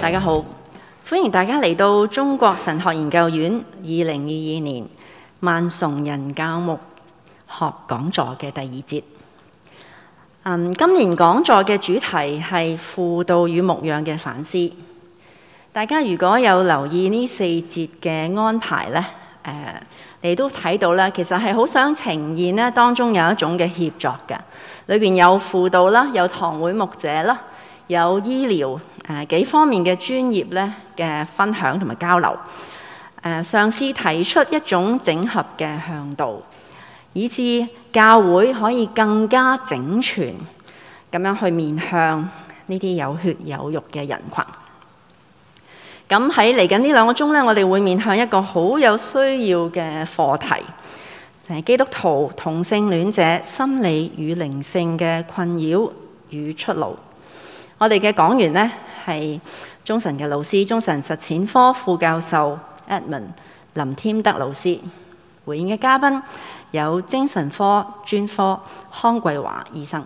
大家好，歡迎大家嚟到中國神學研究院二零二二年萬崇仁教牧學講座嘅第二節。嗯，今年講座嘅主題係輔導與牧養嘅反思。大家如果有留意呢四節嘅安排呢，誒、呃，你都睇到啦。其實係好想呈現咧，當中有一種嘅協作嘅，裏邊有輔導啦，有堂會牧者啦，有醫療。誒、啊、幾方面嘅專業咧嘅分享同埋交流，誒、啊、嘗試提出一種整合嘅向度，以致教會可以更加整全咁樣去面向呢啲有血有肉嘅人群。咁喺嚟緊呢兩個鐘咧，我哋會面向一個好有需要嘅課題，就係、是、基督徒同性戀者心理與靈性嘅困擾與出路。我哋嘅講員呢。係中神嘅老師，中神實踐科副教授 Edmund 林添德老師。回應嘅嘉賓有精神科專科康桂華醫生。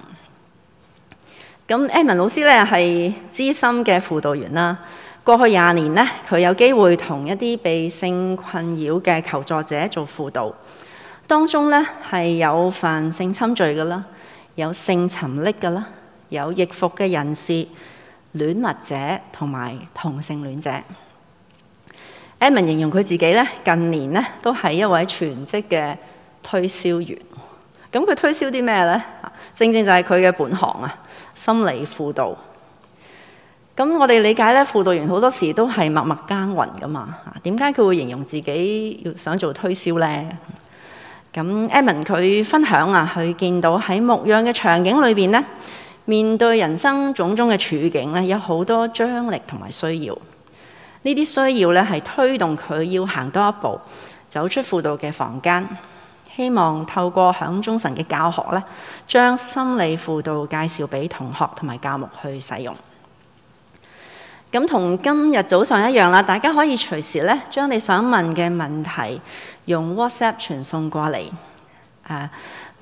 咁 Edmund 老師咧係資深嘅輔導員啦。過去廿年呢，佢有機會同一啲被性困擾嘅求助者做輔導，當中咧係有犯性侵罪㗎啦，有性沉溺㗎啦，有易服嘅人士。戀物者同埋同性戀者，Evan 形容佢自己咧，近年咧都係一位全職嘅推銷員。咁佢推銷啲咩呢？正正就係佢嘅本行啊，心理輔導。咁我哋理解咧，輔導員好多時都係默默耕耘噶嘛。點解佢會形容自己要想做推銷呢？咁 Evan 佢分享啊，佢見到喺牧養嘅場景裏邊呢，面對人生種種嘅處境咧，有好多張力同埋需要。呢啲需要咧，係推動佢要行多一步，走出輔導嘅房間，希望透過響中神嘅教學咧，將心理輔導介紹俾同學同埋教牧去使用。咁同今日早上一樣啦，大家可以隨時咧將你想問嘅問題用 WhatsApp 傳送過嚟，誒、啊。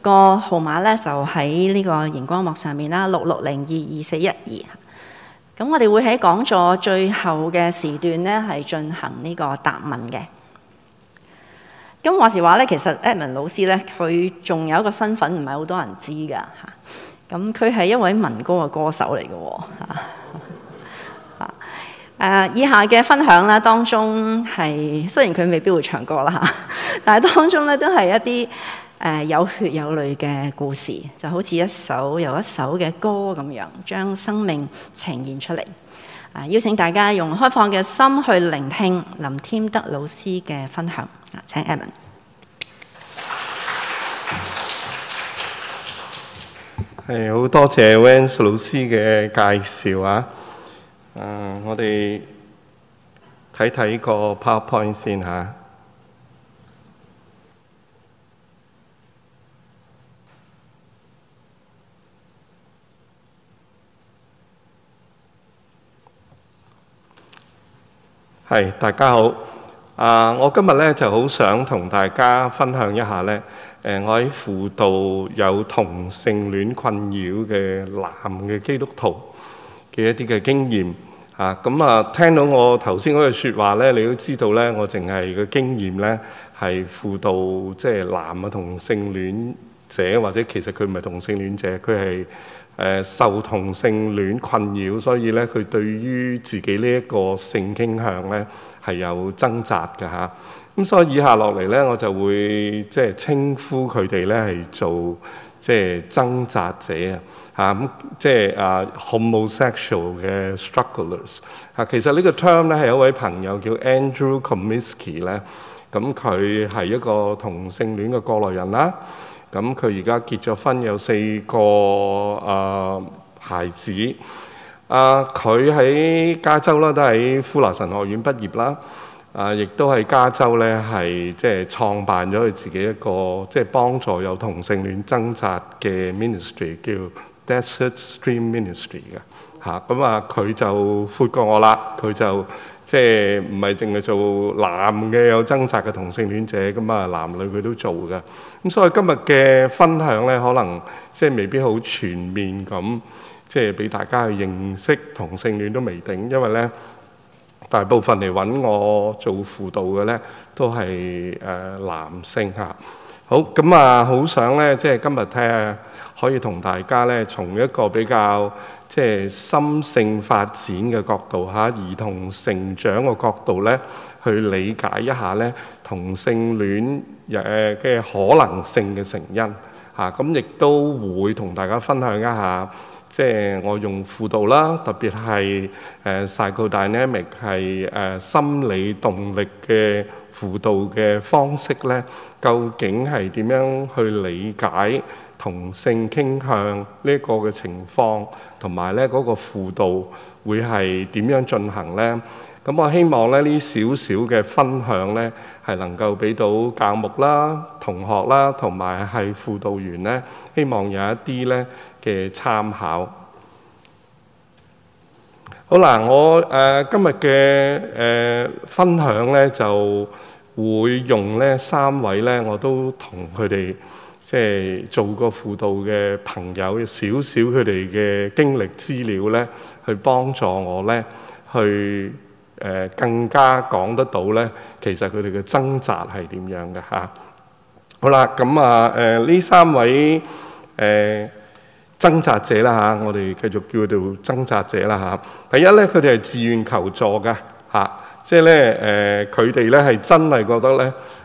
個號碼咧就喺呢個熒光幕上面啦，六六零二二四一二。咁我哋會喺講座最後嘅時段咧，係進行呢個答問嘅。咁話時話咧，其實 Edmond 老師咧，佢仲有一個身份唔係好多人知噶嚇。咁佢係一位民歌嘅歌手嚟嘅喎嚇。 以下嘅分享咧，當中係雖然佢未必會唱歌啦嚇，但係當中咧都係一啲。誒有血有淚嘅故事，就好似一首又一首嘅歌咁樣，將生命呈現出嚟。啊，邀請大家用開放嘅心去聆聽林添德老師嘅分享。啊，請 Alan。係好多謝 Wans 老師嘅介紹啊！啊，我哋睇睇個 PowerPoint 先嚇。係，大家好。啊，我今日咧就好想同大家分享一下咧。誒、呃，我喺輔導有同性戀困擾嘅男嘅基督徒嘅一啲嘅經驗。啊，咁、嗯、啊，聽到我頭先嗰句説話咧，你都知道咧，我淨係個經驗咧係輔導即係、就是、男嘅同性戀者，或者其實佢唔係同性戀者，佢係。誒受同性戀困擾，所以咧佢對於自己呢一個性傾向咧係有掙扎嘅嚇。咁所以以下落嚟咧，我就會即係稱呼佢哋咧係做即係掙扎者啊嚇。咁即係啊 homosexual 嘅 strugglers 嚇。其實呢個 term 咧係一位朋友叫 Andrew Komisky 咧，咁佢係一個同性戀嘅過來人啦。咁佢而家結咗婚，有四個啊、呃、孩子。啊、呃，佢喺加州啦，都喺富勒神學院畢業啦。啊，亦都喺加州咧，係即係創辦咗佢自己一個即係、就是、幫助有同性戀掙扎嘅 ministry，叫 Desert Stream Ministry 嘅。嚇，咁啊，佢就闊過我啦，佢就。即係唔係淨係做男嘅有掙扎嘅同性戀者噶啊，男女佢都做噶。咁所以今日嘅分享咧，可能即係未必好全面咁，即係俾大家去認識同性戀都未定，因為咧大部分嚟揾我做輔導嘅咧都係誒、呃、男性嚇。好咁啊，好想咧，即係今日睇下。可以同大家咧，從一個比較即係心性發展嘅角度嚇，兒童成長嘅角度咧，去理解一下咧同性戀嘅可能性嘅成因嚇。咁亦都會同大家分享一下，即係我用輔導啦，特別係誒 Psychodynamic 係誒心理動力嘅輔導嘅方式咧，究竟係點樣去理解？同性傾向呢個嘅情況，同埋咧嗰個輔導會係點樣進行咧？咁我希望咧呢少少嘅分享咧，係能夠俾到教牧啦、同學啦，同埋係輔導員咧，希望有一啲咧嘅參考。好啦，我誒、呃、今日嘅誒分享咧，就會用咧三位咧，我都同佢哋。即係做個輔導嘅朋友少少佢哋嘅經歷資料呢，去幫助我呢，去更加講得到呢，其實佢哋嘅掙扎係點樣嘅。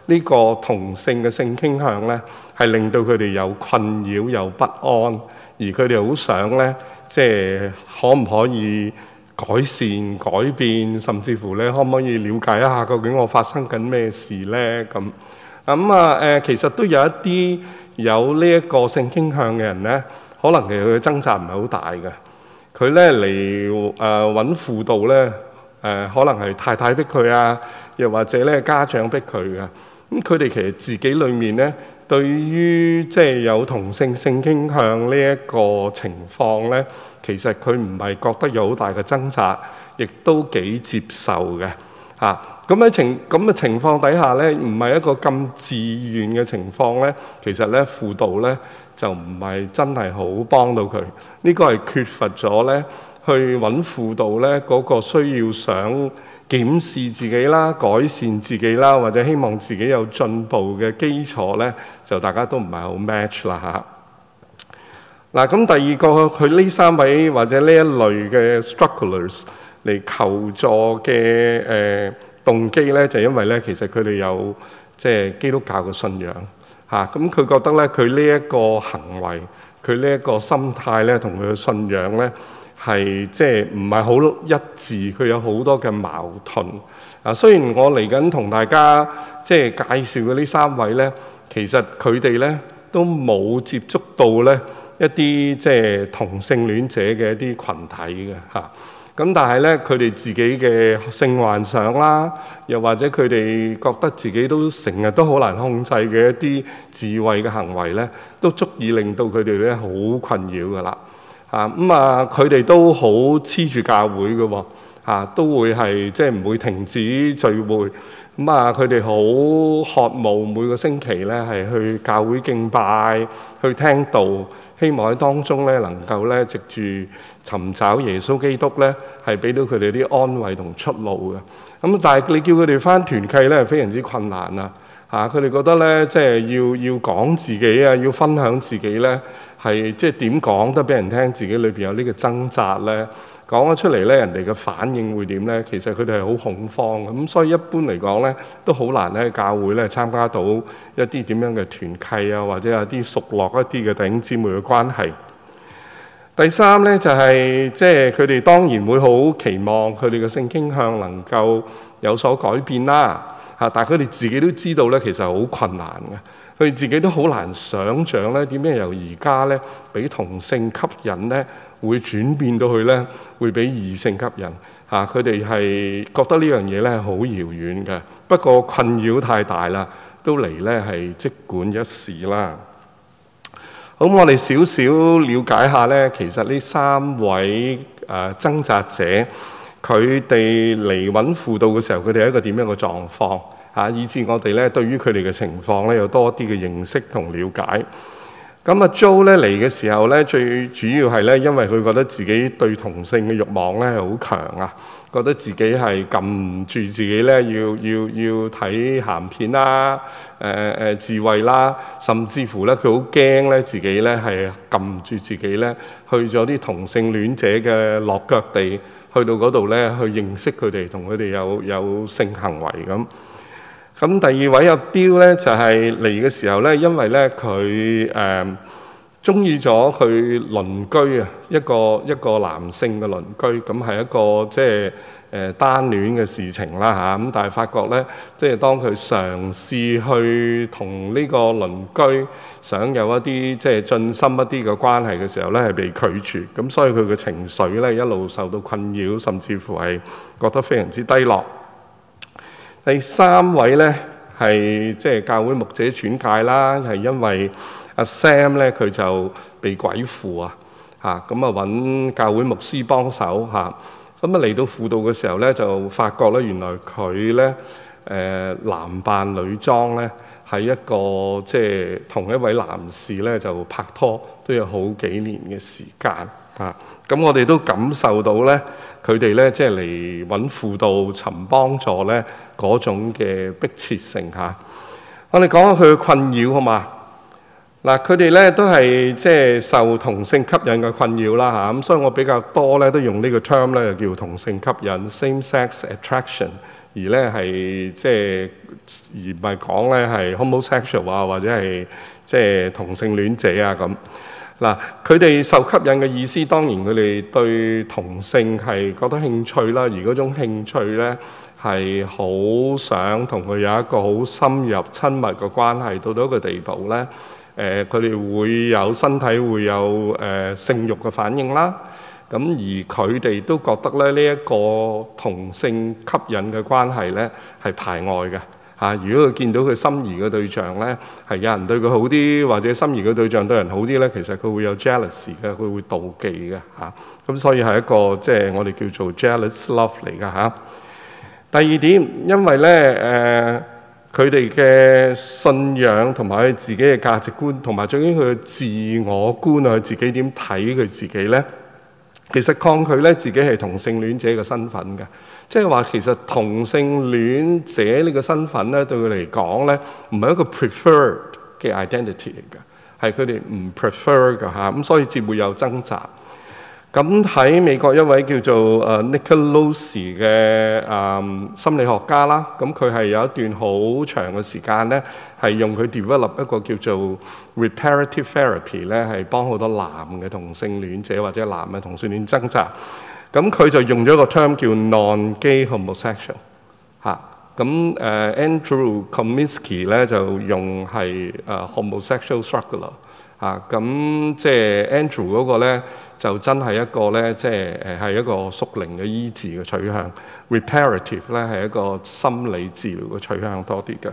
呢個同性嘅性傾向咧，係令到佢哋有困擾、有不安，而佢哋好想咧，即係可唔可以改善、改變，甚至乎咧，可唔可以了解一下究竟我發生緊咩事咧？咁咁啊？誒、嗯呃，其實都有一啲有呢一個性傾向嘅人咧，可能其實佢嘅掙扎唔係好大嘅，佢咧嚟誒搵輔導咧，誒、呃、可能係太太逼佢啊，又或者咧家長逼佢嘅。咁佢哋其實自己裏面咧，對於即係、就是、有同性性傾向呢一個情況咧，其實佢唔係覺得有好大嘅掙扎，亦都幾接受嘅。嚇、啊，咁喺情咁嘅情況底下咧，唔係一個咁自願嘅情況咧，其實咧輔導咧就唔係真係好幫到佢。呢、這個係缺乏咗咧，去揾輔導咧嗰、那個需要想。檢視自己啦，改善自己啦，或者希望自己有進步嘅基礎咧，就大家都唔係好 match 啦吓，嗱、啊，咁第二個佢呢三位或者呢一類嘅 strugglers 嚟求助嘅誒、呃、動機咧，就係、因為咧，其實佢哋有即係、就是、基督教嘅信仰嚇，咁、啊、佢覺得咧，佢呢一個行為、佢呢一個心態咧，同佢嘅信仰咧，係即係唔係好一致，佢有好多嘅矛盾啊。雖然我嚟緊同大家即係介紹嘅呢三位咧，其實佢哋咧都冇接觸到咧一啲即係同性戀者嘅一啲群體嘅嚇。咁、啊、但係咧，佢哋自己嘅性幻想啦，又或者佢哋覺得自己都成日都好難控制嘅一啲自慰嘅行為咧，都足以令到佢哋咧好困擾㗎喇。啊，咁啊，佢哋都好黐住教會嘅，嚇，都會係即係唔會停止聚會。咁啊，佢哋好渴望每個星期咧係去教會敬拜、去聽道，希望喺當中咧能夠咧藉住尋找耶穌基督咧，係俾到佢哋啲安慰同出路嘅。咁、啊、但係你叫佢哋返團契咧，非常之困難啊！嚇、啊，佢哋覺得咧即係要要講自己啊，要分享自己咧。係即係點講都俾人聽，自己裏邊有呢個掙扎咧，講咗出嚟咧，人哋嘅反應會點咧？其實佢哋係好恐慌嘅，咁所以一般嚟講咧，都好難咧，教會咧參加到一啲點樣嘅團契啊，或者有啲熟絡一啲嘅弟兄姊妹嘅關係。第三咧就係、是、即係佢哋當然會好期望佢哋嘅性傾向能夠有所改變啦，嚇！但係佢哋自己都知道咧，其實好困難嘅。佢自己都好難想像咧，點樣由而家咧俾同性吸引咧，會轉變到去咧會俾異性吸引嚇。佢哋係覺得呢樣嘢咧好遙遠嘅，不過困擾太大啦，都嚟咧係即管一試啦。咁我哋少少了解下咧，其實呢三位誒、呃、掙扎者，佢哋嚟揾輔導嘅時候，佢哋係一個點樣嘅狀況？啊！以致我哋咧對於佢哋嘅情況咧有多啲嘅認識同了解。咁啊，Jo 咧嚟嘅時候咧，最主要係咧，因為佢覺得自己對同性嘅慾望咧係好強啊，覺得自己係禁唔住自己咧，要要要睇鹹片啦，誒誒自慰啦，甚至乎咧佢好驚咧自己咧係禁唔住自己咧，去咗啲同性戀者嘅落腳地，去到嗰度咧去認識佢哋，同佢哋有有性行為咁。咁第二位阿標咧，iel，就係嚟嘅時候咧，因為咧佢誒中意咗佢鄰居啊，一個一個男性嘅鄰居，咁係一個即係誒、呃、單戀嘅事情啦嚇。咁、啊、但係發覺咧，即係當佢嘗試去同呢個鄰居想有一啲即係進深一啲嘅關係嘅時候咧，係被拒絕。咁所以佢嘅情緒咧一路受到困擾，甚至乎係覺得非常之低落。第三位呢，係即係教會牧者轉介啦，係因為阿、啊、Sam 呢，佢就被鬼附啊。嚇，咁啊揾教會牧師幫手嚇，咁啊嚟、啊、到輔導嘅時候呢，就發覺呢，原來佢呢，誒、呃、男扮女裝呢，係一個即係同一位男士呢，就拍拖，都有好幾年嘅時間嚇。啊咁我哋都感受到咧，佢哋咧即係嚟揾輔導、尋幫助咧嗰種嘅迫切性嚇。我哋講下佢嘅困擾好嘛？嗱，佢哋咧都係即係受同性吸引嘅困擾啦嚇。咁所以我比較多咧都用呢個 term 咧就叫同性吸引 （same sex attraction），而咧係即係而唔係講咧係 homosexual 啊，或者係即係同性戀者啊咁。嗱，佢哋受吸引嘅意思，當然佢哋對同性係覺得興趣啦，而嗰種興趣咧係好想同佢有一個好深入親密嘅關係，到到一個地步咧，誒佢哋會有身體會有誒性慾嘅反應啦。咁而佢哋都覺得咧呢一個同性吸引嘅關係咧係排外嘅。嚇！如果佢見到佢心儀嘅對象咧，係有人對佢好啲，或者心儀嘅對象對人好啲咧，其實佢會有 jealous 嘅，佢會妒忌嘅嚇。咁、啊、所以係一個即係、就是、我哋叫做 jealous love 嚟㗎嚇。第二點，因為咧誒，佢哋嘅信仰同埋佢自己嘅價值觀，同埋究竟佢嘅自我觀啊，佢自己點睇佢自己咧？其實抗拒咧自己係同性戀者嘅身份嘅。即係話其實同性戀者呢個身份咧對佢嚟講咧唔係一個 preferred 嘅 identity 嚟㗎，係佢哋唔 prefer 㗎。嚇，咁所以至會有掙扎。咁喺美國一位叫做誒 Nicolosi 嘅誒、嗯、心理學家啦，咁佢係有一段好長嘅時間咧，係用佢 develop 一個叫做 reparative therapy 咧，係幫好多男嘅同性戀者或者男嘅同性戀掙扎。咁佢就用咗個 term 叫 non-gay homosexual，嚇，咁誒 Andrew Comiskey 咧就用係誒、啊、homosexual struggler，嚇咁、啊、即係、就是、Andrew 嗰個咧就真係一個咧即係誒係一個屬靈嘅醫治嘅取向，reparative 咧係一個心理治療嘅取向多啲嘅。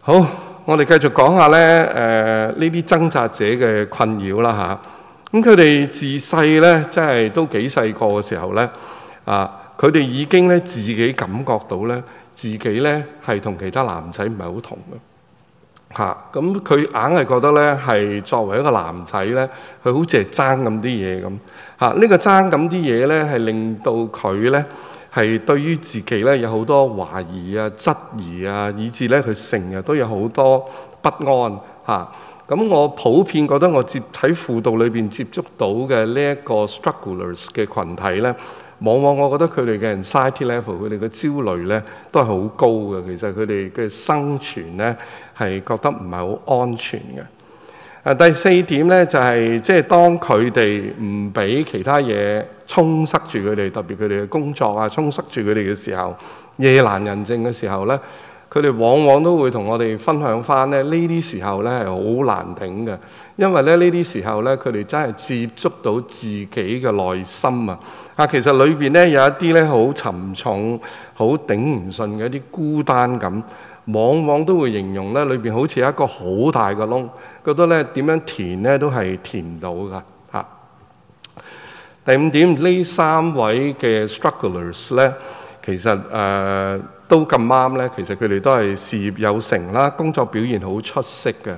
好，我哋繼續講下咧誒呢啲掙扎者嘅困擾啦嚇。啊咁佢哋自細咧，即係都幾細個嘅時候咧，啊，佢哋已經咧自己感覺到咧，自己咧係同其他男仔唔係好同嘅，嚇、啊。咁佢硬係覺得咧，係作為一個男仔咧，佢好似係爭咁啲嘢咁，嚇、啊。這個、呢個爭咁啲嘢咧，係令到佢咧係對於自己咧有好多懷疑啊、質疑啊，以至咧佢成日都有好多不安嚇。啊咁我普遍覺得我接喺輔導裏邊接觸到嘅呢一個 strugglers 嘅羣體咧，往往我覺得佢哋嘅 anxiety level，佢哋嘅焦慮咧都係好高嘅。其實佢哋嘅生存咧係覺得唔係好安全嘅。啊，第四點咧就係即係當佢哋唔俾其他嘢充塞住佢哋，特別佢哋嘅工作啊充塞住佢哋嘅時候，夜闌人靜嘅時候咧。佢哋往往都會同我哋分享翻咧呢啲時候咧係好難頂嘅，因為咧呢啲時候咧佢哋真係接觸到自己嘅內心啊！啊，其實裏邊咧有一啲咧好沉重、好頂唔順嘅一啲孤單感，往往都會形容咧裏邊好似有一個好大嘅窿，覺得咧點樣填咧都係填唔到噶嚇。第五點，呢三位嘅 strugglers 咧，其實誒。呃都咁啱咧，其實佢哋都係事業有成啦，工作表現好出色嘅。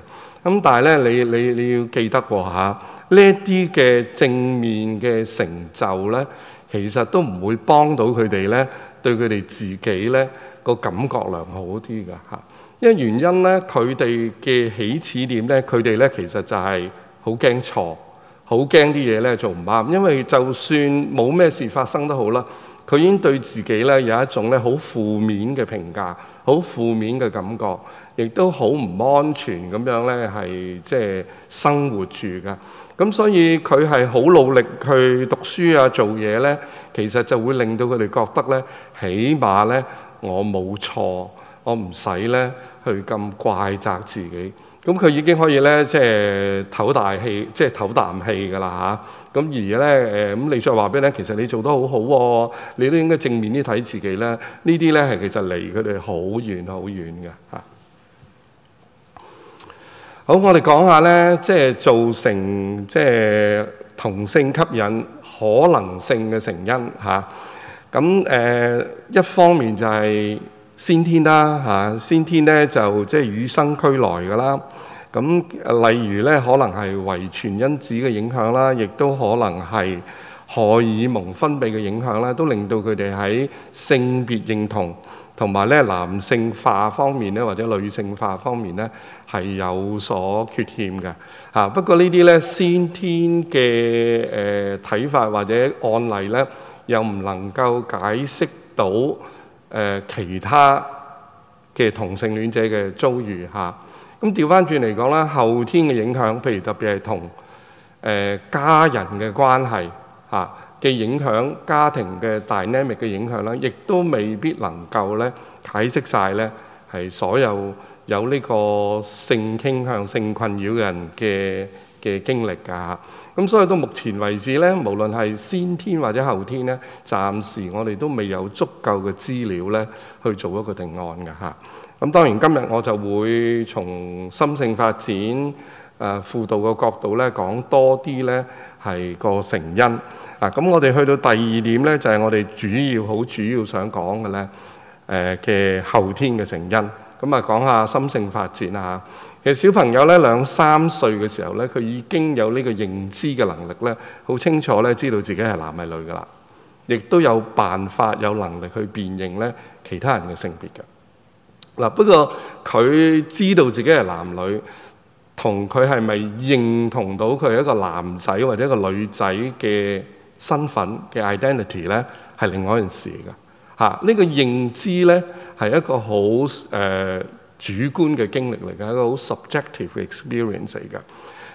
咁但係咧，你你你要記得喎嚇，呢一啲嘅正面嘅成就咧，其實都唔會幫到佢哋咧，對佢哋自己咧個感覺良好啲㗎嚇。因為原因咧，佢哋嘅起始點咧，佢哋咧其實就係好驚錯，好驚啲嘢咧做唔啱。因為就算冇咩事發生都好啦。佢已經對自己咧有一種咧好負面嘅評價，好負面嘅感覺，亦都好唔安全咁樣咧係即係生活住噶。咁所以佢係好努力去讀書啊、做嘢咧，其實就會令到佢哋覺得咧，起碼咧我冇錯，我唔使咧去咁怪責自己。咁佢已經可以咧，即係唞大氣，即係唞啖氣噶啦嚇。咁、啊、而咧，誒、嗯、咁你再話俾咧，其實你做得好好、啊、喎，你都應該正面啲睇自己咧。呢啲咧係其實離佢哋好遠好遠嘅嚇。好，我哋講下咧，即係造成即係同性吸引可能性嘅成因嚇。咁、啊、誒、呃、一方面就係、是。先天啦，嚇先天咧就即係與生俱來㗎啦。咁例如咧，可能係遺傳因子嘅影響啦，亦都可能係荷爾蒙分泌嘅影響啦，都令到佢哋喺性別認同同埋咧男性化方面咧，或者女性化方面咧係有所缺欠嘅。嚇，不過呢啲咧先天嘅誒睇法或者案例咧，又唔能夠解釋到。誒、呃、其他嘅同性戀者嘅遭遇嚇，咁調翻轉嚟講啦。後天嘅影響，譬如特別係同誒家人嘅關係嚇嘅、啊、影響，家庭嘅 dynamic 嘅影響啦，亦、啊、都未必能夠咧解釋晒。咧係所有有呢個性傾向、性困擾嘅人嘅嘅經歷㗎，咁所以到目前為止咧，無論係先天或者後天咧，暫時我哋都未有足夠嘅資料咧，去做一個定案㗎吓，咁當然今日我就會從心性發展誒、呃、輔導嘅角度咧，講多啲咧係個成因啊。咁我哋去到第二點咧，就係、是、我哋主要好主要想講嘅咧，誒、呃、嘅後天嘅成因。咁啊，講下心性發展啊！其實小朋友咧兩三歲嘅時候咧，佢已經有呢個認知嘅能力咧，好清楚咧知道自己係男係女噶啦，亦都有辦法有能力去辨認咧其他人嘅性別嘅。嗱不過佢知道自己係男女，同佢係咪認同到佢係一個男仔或者一個女仔嘅身份嘅 identity 咧，係另外一件事嚟㗎。嚇！呢個認知咧係一個好誒主觀嘅經歷嚟嘅，一個好 subjective experience 嚟嘅。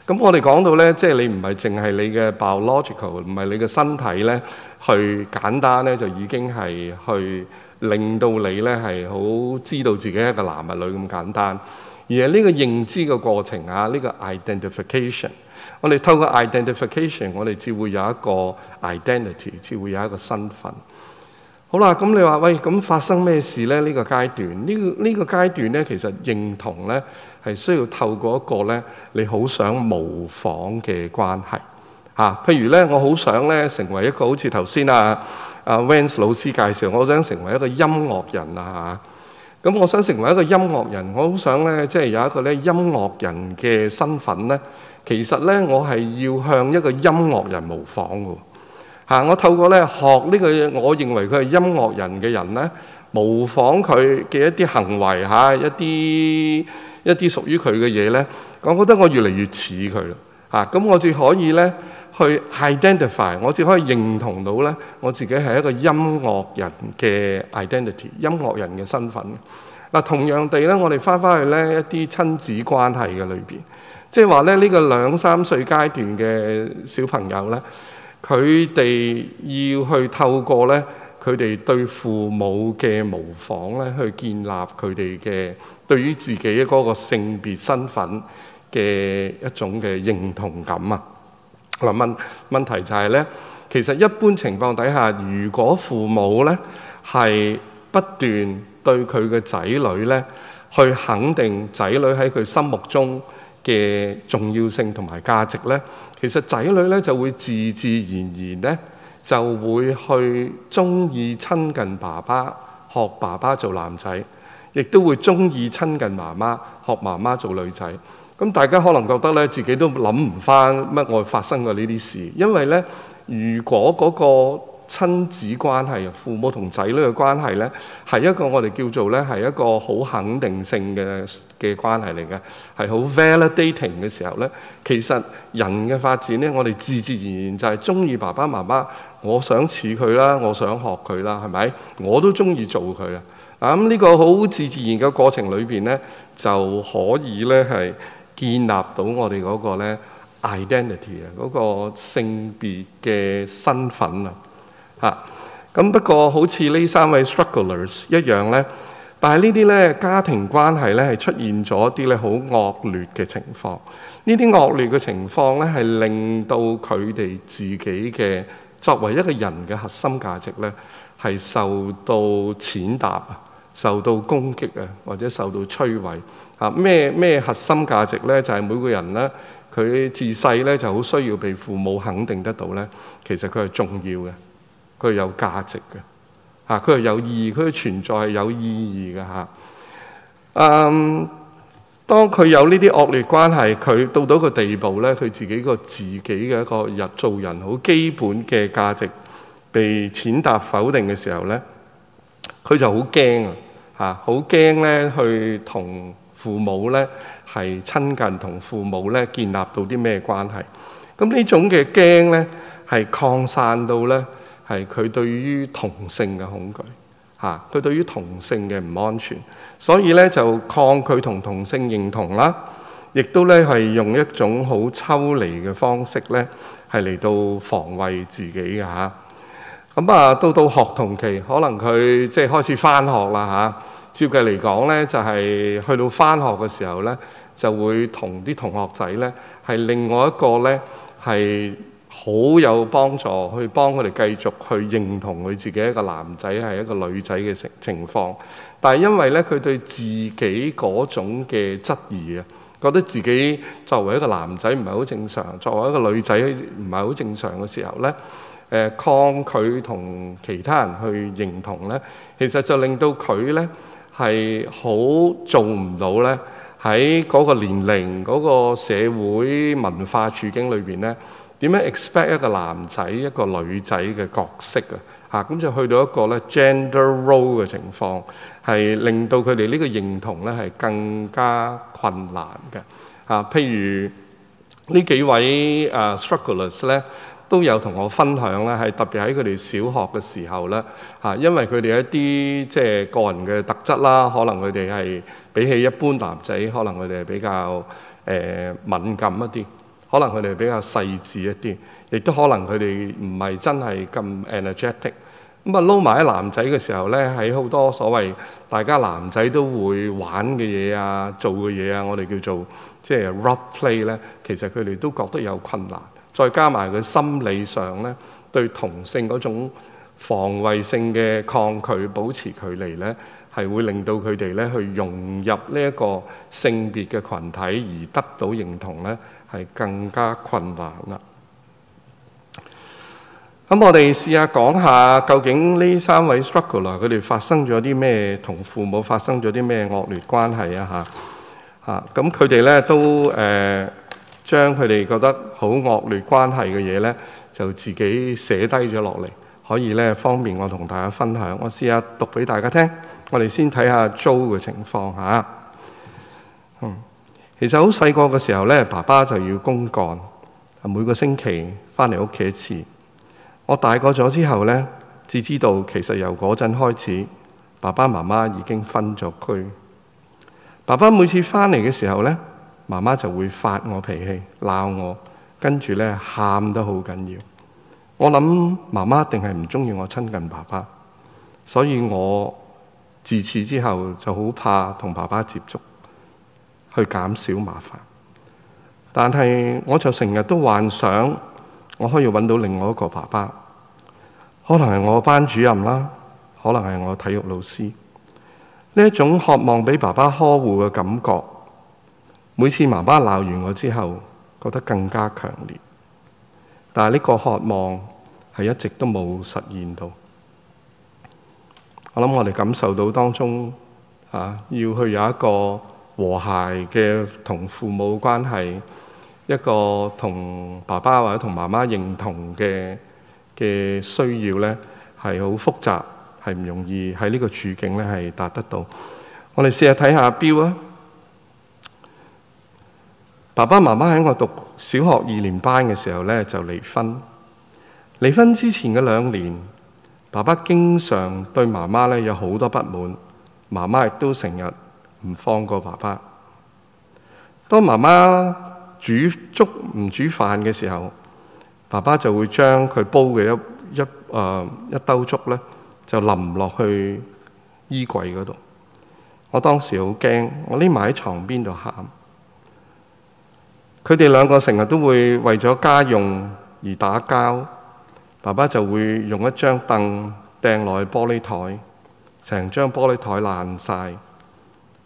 咁我哋講到咧，即係你唔係淨係你嘅 biological，唔係你嘅身體咧，去簡單咧就已經係去令到你咧係好知道自己係一個男或女咁簡單。而係呢個認知嘅過程啊，呢個 identification，我哋透過 identification，我哋只會有一個 identity，只會有一個身份。好啦，咁你話喂，咁發生咩事咧？呢、這個階段，這個這個、階段呢個呢個階段咧，其實認同咧，係需要透過一個咧，你好想模仿嘅關係嚇、啊。譬如咧，我好想咧成為一個好似頭先啊啊 Vance 老師介紹，我想成為一個音樂人啊嚇。咁、啊、我想成為一個音樂人，我好想咧即係有一個咧音樂人嘅身份咧。其實咧，我係要向一個音樂人模仿㗎。嚇！我透過咧學呢個，我認為佢係音樂人嘅人咧，模仿佢嘅一啲行為嚇，一啲一啲屬於佢嘅嘢咧，我覺得我越嚟越似佢啦嚇！咁我至可以咧去 identify，我至可以認同到咧我自己係一個音樂人嘅 identity，音樂人嘅身份。嗱，同樣地咧，我哋翻翻去咧一啲親子關係嘅裏邊，即係話咧呢個兩三歲階段嘅小朋友咧。佢哋要去透過咧，佢哋對父母嘅模仿咧，去建立佢哋嘅對於自己嗰個性別身份嘅一種嘅認同感啊！嗱、嗯，問問題就係咧，其實一般情況底下，如果父母咧係不斷對佢嘅仔女咧去肯定仔女喺佢心目中嘅重要性同埋價值咧。其實仔女咧就會自自然然咧就會去中意親近爸爸，學爸爸做男仔；亦都會中意親近媽媽，學媽媽做女仔。咁大家可能覺得咧自己都諗唔翻乜我發生過呢啲事，因為咧如果嗰、那個。親子關係、父母同仔女嘅關係咧，係一個我哋叫做咧係一個好肯定性嘅嘅關係嚟嘅，係好 validating 嘅時候咧。其實人嘅發展咧，我哋自自然然就係鍾意爸爸媽媽，我想似佢啦，我想學佢啦，係咪？我都鍾意做佢啊！啊咁呢個好自自然嘅過程裏邊咧，就可以咧係建立到我哋嗰個咧 identity 啊，嗰個性別嘅身份啊。咁、啊、不過好似呢三位 strugglers 一樣咧，但係呢啲咧家庭關係咧係出現咗啲咧好惡劣嘅情況。呢啲惡劣嘅情況咧係令到佢哋自己嘅作為一個人嘅核心價值咧係受到踐踏啊，受到攻擊啊，或者受到摧毀啊。咩咩核心價值咧就係、是、每個人咧佢自細咧就好需要被父母肯定得到咧，其實佢係重要嘅。佢有價值嘅嚇，佢係有意義，佢嘅存在係有意義嘅嚇。嗯，當佢有呢啲惡劣關係，佢到到個地步咧，佢自己個自己嘅一個日做人好基本嘅價值被踐踏否定嘅時候咧，佢就好驚啊嚇，好驚咧去同父母咧係親近，同父母咧建立到啲咩關係？咁呢種嘅驚咧係擴散到咧。係佢對於同性嘅恐懼，嚇、啊、佢對於同性嘅唔安全，所以咧就抗拒同同性認同啦，亦都咧係用一種好抽離嘅方式咧，係嚟到防衛自己嘅嚇、啊。咁啊，到到學童期，可能佢即係開始返學啦嚇、啊。照計嚟講咧，就係、是、去到返學嘅時候咧，就會同啲同學仔咧係另外一個咧係。好有幫助，去幫佢哋繼續去認同佢自己一個男仔係一個女仔嘅情情況。但係因為咧，佢對自己嗰種嘅質疑啊，覺得自己作為一個男仔唔係好正常，作為一個女仔唔係好正常嘅時候咧，誒抗拒同其他人去認同咧，其實就令到佢咧係好做唔到咧喺嗰個年齡、嗰個社會文化處境裏邊咧。點樣 expect 一個男仔一個女仔嘅角色啊？嚇，咁就去到一個咧 gender role 嘅情況，係令到佢哋呢個認同咧係更加困難嘅。嚇，譬如呢幾位啊 strugglers 咧都有同我分享咧，係特別喺佢哋小學嘅時候咧嚇，因為佢哋一啲即係個人嘅特質啦，可能佢哋係比起一般男仔，可能佢哋係比較誒敏感一啲。可能佢哋比較細緻一啲，亦都可能佢哋唔係真係咁 energetic。咁啊，撈埋啲男仔嘅時候咧，喺好多所謂大家男仔都會玩嘅嘢啊、做嘅嘢啊，我哋叫做即係 rough play 咧，其實佢哋都覺得有困難。再加埋佢心理上咧，對同性嗰種防衛性嘅抗拒、保持距離咧，係會令到佢哋咧去融入呢一個性別嘅群體而得到認同咧，係更加困難啦。咁我哋試下講下究竟呢三位 struggler 佢哋發生咗啲咩，同父母發生咗啲咩惡劣關係啊？吓、啊，嚇咁佢哋咧都誒將佢哋覺得好惡劣關係嘅嘢咧，就自己寫低咗落嚟，可以咧方便我同大家分享。我試下讀俾大家聽。我哋先睇下 Jo 嘅情況嚇。其實好細個嘅時候咧，爸爸就要公幹，每個星期翻嚟屋企一次。我大個咗之後咧，至知道其實由嗰陣開始，爸爸媽媽已經分咗居。爸爸每次翻嚟嘅時候咧，媽媽就會發我脾氣，鬧我，跟住咧喊得好緊要。我諗媽媽一定係唔中意我親近爸爸，所以我自此之後就好怕同爸爸接觸。去減少麻煩，但係我就成日都幻想我可以搵到另外一個爸爸，可能係我嘅班主任啦，可能係我嘅體育老師。呢一種渴望俾爸爸呵護嘅感覺，每次媽媽鬧完我之後，覺得更加強烈。但係呢個渴望係一直都冇實現到。我諗我哋感受到當中啊，要去有一個。和諧嘅同父母關係，一個同爸爸或者同媽媽認同嘅嘅需要咧，係好複雜，係唔容易喺呢個處境咧係達得到。我哋試下睇下阿標啊，爸爸媽媽喺我讀小學二年班嘅時候咧就離婚。離婚之前嘅兩年，爸爸經常對媽媽咧有好多不滿，媽媽亦都成日，唔放過爸爸。當媽媽煮粥唔煮飯嘅時候，爸爸就會將佢煲嘅一一誒、呃、一兜粥咧，就淋落去衣櫃嗰度。我當時好驚，我匿埋喺床邊度喊。佢哋兩個成日都會為咗家用而打交。爸爸就會用一張凳掟落去玻璃枱，成張玻璃枱爛晒。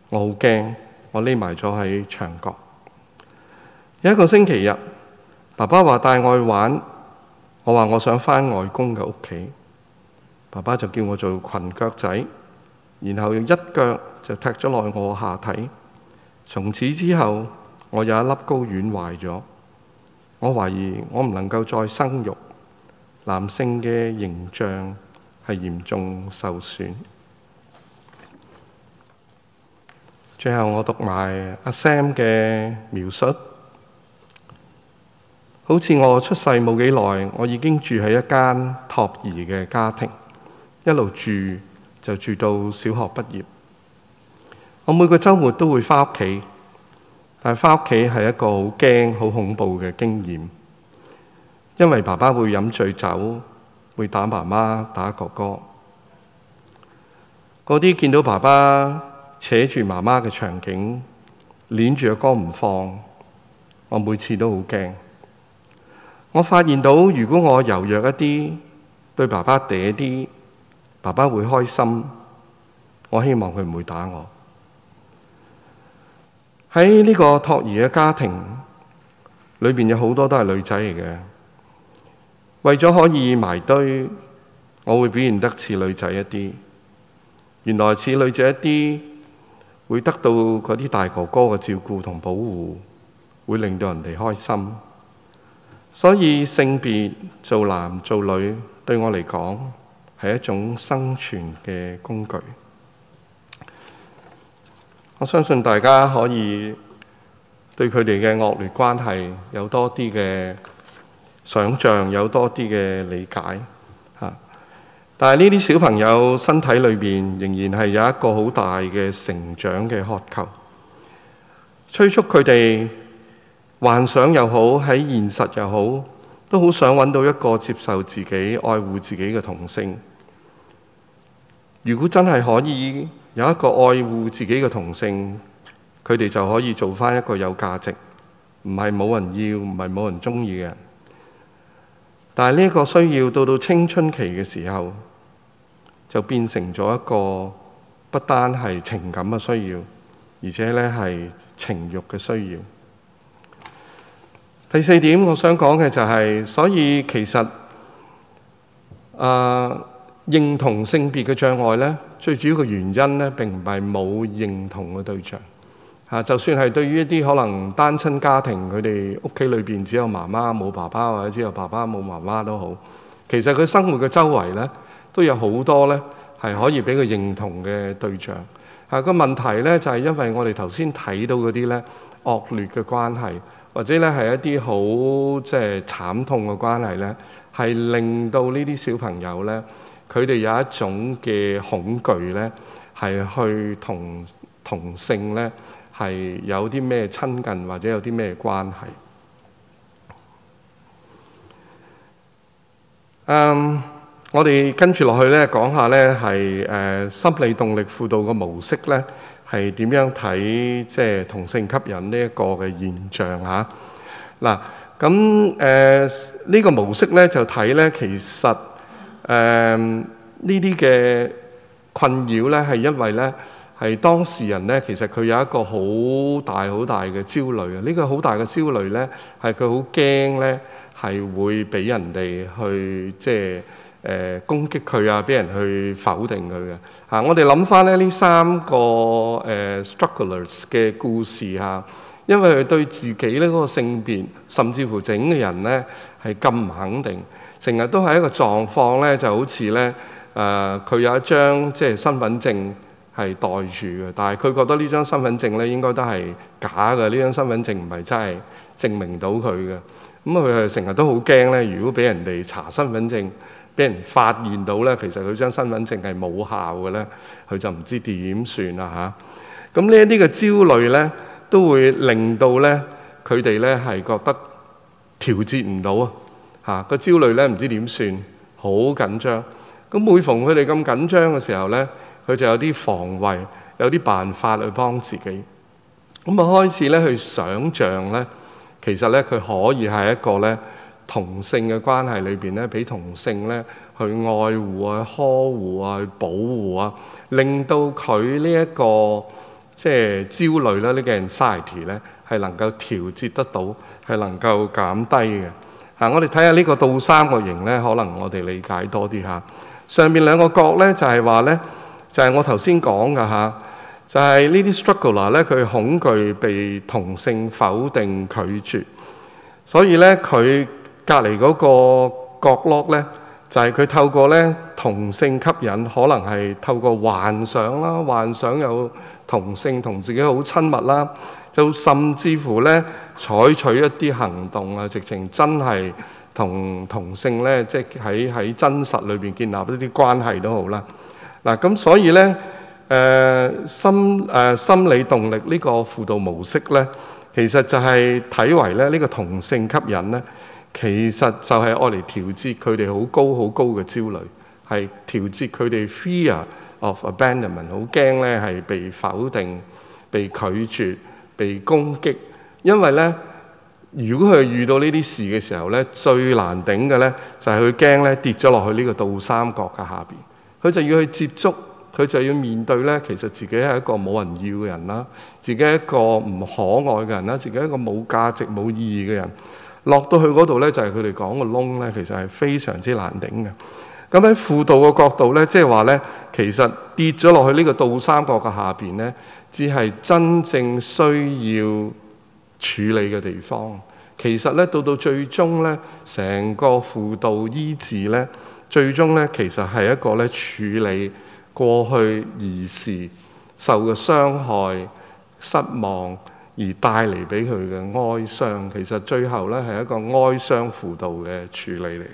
我好驚，我匿埋咗喺牆角。有一個星期日，爸爸話帶我去玩，我話我想返外公嘅屋企。爸爸就叫我做裙腳仔，然後用一腳就踢咗落我下體。從此之後，我有一粒睾丸壞咗。我懷疑我唔能夠再生育，男性嘅形象係嚴重受損。最後我讀埋阿 Sam 嘅描述，好似我出世冇幾耐，我已經住喺一間託兒嘅家庭，一路住就住到小學畢業。我每個週末都會返屋企，但係返屋企係一個好驚、好恐怖嘅經驗，因為爸爸會飲醉酒，會打媽媽、打哥哥。嗰啲見到爸爸扯住媽媽嘅場景，攆住嘅歌唔放，我每次都好驚。我發現到，如果我柔弱一啲，對爸爸嗲一啲，爸爸會開心。我希望佢唔會打我。喺呢個託兒嘅家庭裏邊，裏面有好多都係女仔嚟嘅。為咗可以埋堆，我會表現得似女仔一啲。原來似女仔一啲會得到嗰啲大哥哥嘅照顧同保護,會令到人哋開心。但係呢啲小朋友身體裏面仍然係有一個好大嘅成長嘅渴求，催促佢哋幻想又好，喺現實又好，都好想搵到一個接受自己、愛護自己嘅同性。如果真係可以有一個愛護自己嘅同性，佢哋就可以做返一個有價值，唔係冇人要，唔係冇人中意嘅人。但係呢一個需要到到青春期嘅時候，就變成咗一個不單係情感嘅需要，而且咧係情慾嘅需要。第四點，我想講嘅就係、是，所以其實啊、呃，認同性別嘅障礙咧，最主要嘅原因咧並唔係冇認同嘅對象。啊，就算係對於一啲可能單親家庭，佢哋屋企裏邊只有媽媽冇爸爸或者只有爸爸冇媽媽都好，其實佢生活嘅周圍咧，都有好多咧，係可以俾佢認同嘅對象。啊，個問題咧，就係因為我哋頭先睇到嗰啲咧惡劣嘅關係，或者咧係一啲好即係慘痛嘅關係咧，係令到呢啲小朋友咧，佢哋有一種嘅恐懼咧，係去同同性咧係有啲咩親近或者有啲咩關係。嗯。我哋跟住落去咧，講下咧係誒心理動力輔導嘅模式咧，係點樣睇即係同性吸引呢一個嘅現象嚇嗱。咁誒呢個模式咧就睇咧，其實誒呢啲嘅困擾咧係因為咧係當事人咧，其實佢有一個好大好大嘅焦慮啊！呢個好大嘅焦慮咧係佢好驚咧係會俾人哋去即係。誒、呃、攻擊佢啊！俾人去否定佢嘅嚇，我哋諗翻咧呢三個誒、呃、strugglers 嘅故事嚇，因為佢對自己咧嗰個性別，甚至乎整個人咧係咁唔肯定，成日都係一個狀況咧，就好似咧誒佢有一張即係身份證係袋住嘅，但係佢覺得呢張身份證咧應該都係假嘅，呢張身份證唔係真係證明到佢嘅。咁佢係成日都好驚咧，如果俾人哋查身份證。俾人發現到咧，其實佢張身份證係冇效嘅咧，佢就唔知點算啦嚇。咁、啊、呢一啲嘅焦慮咧，都會令到咧佢哋咧係覺得調節唔到啊嚇個、啊、焦慮咧唔知點算，好緊張。咁每逢佢哋咁緊張嘅時候咧，佢就有啲防衛，有啲辦法去幫自己。咁啊開始咧去想像咧，其實咧佢可以係一個咧。同性嘅關係裏邊咧，俾同性咧去愛護啊、呵護啊、保護啊，令到佢呢一個即係焦慮咧、啊、這個、呢個 anxiety 咧，係能夠調節得到，係能夠減低嘅。嚇、啊，我哋睇下呢個倒三角形咧，可能我哋理解多啲嚇。上邊兩個角咧就係話咧，就係我頭先講嘅嚇，就係、是啊就是、呢啲 struggle 咧，佢恐懼被同性否定、拒絕，所以咧佢。隔離嗰個角落咧，就係佢透過咧同性吸引，可能係透過幻想啦，幻想有同性同自己好親密啦，就甚至乎咧採取一啲行動啊，直情真係同同性咧，即係喺真實裏邊建立一啲關係都好啦。嗱，咁所以咧，誒心誒心理動力呢個輔導模式咧，其實就係睇為咧呢個同性吸引咧。其實就係愛嚟調節佢哋好高好高嘅焦慮，係調節佢哋 fear of abandonment，好驚咧係被否定、被拒絕、被攻擊。因為咧，如果佢遇到呢啲事嘅時候咧，最難頂嘅咧就係佢驚咧跌咗落去呢個倒三角嘅下邊，佢就要去接觸，佢就要面對咧，其實自己係一個冇人要嘅人啦，自己係一個唔可愛嘅人啦，自己係一個冇價值、冇意義嘅人。落到去嗰度咧，就係佢哋講個窿咧，其實係非常之難頂嘅。咁喺輔導嘅角度咧，即係話咧，其實跌咗落去呢個倒三角嘅下邊咧，只係真正需要處理嘅地方。其實咧，到到最終咧，成個輔導醫治咧，最終咧，其實係一個咧處理過去兒時受嘅傷害、失望。而帶嚟俾佢嘅哀傷，其實最後咧係一個哀傷輔導嘅處理嚟嘅。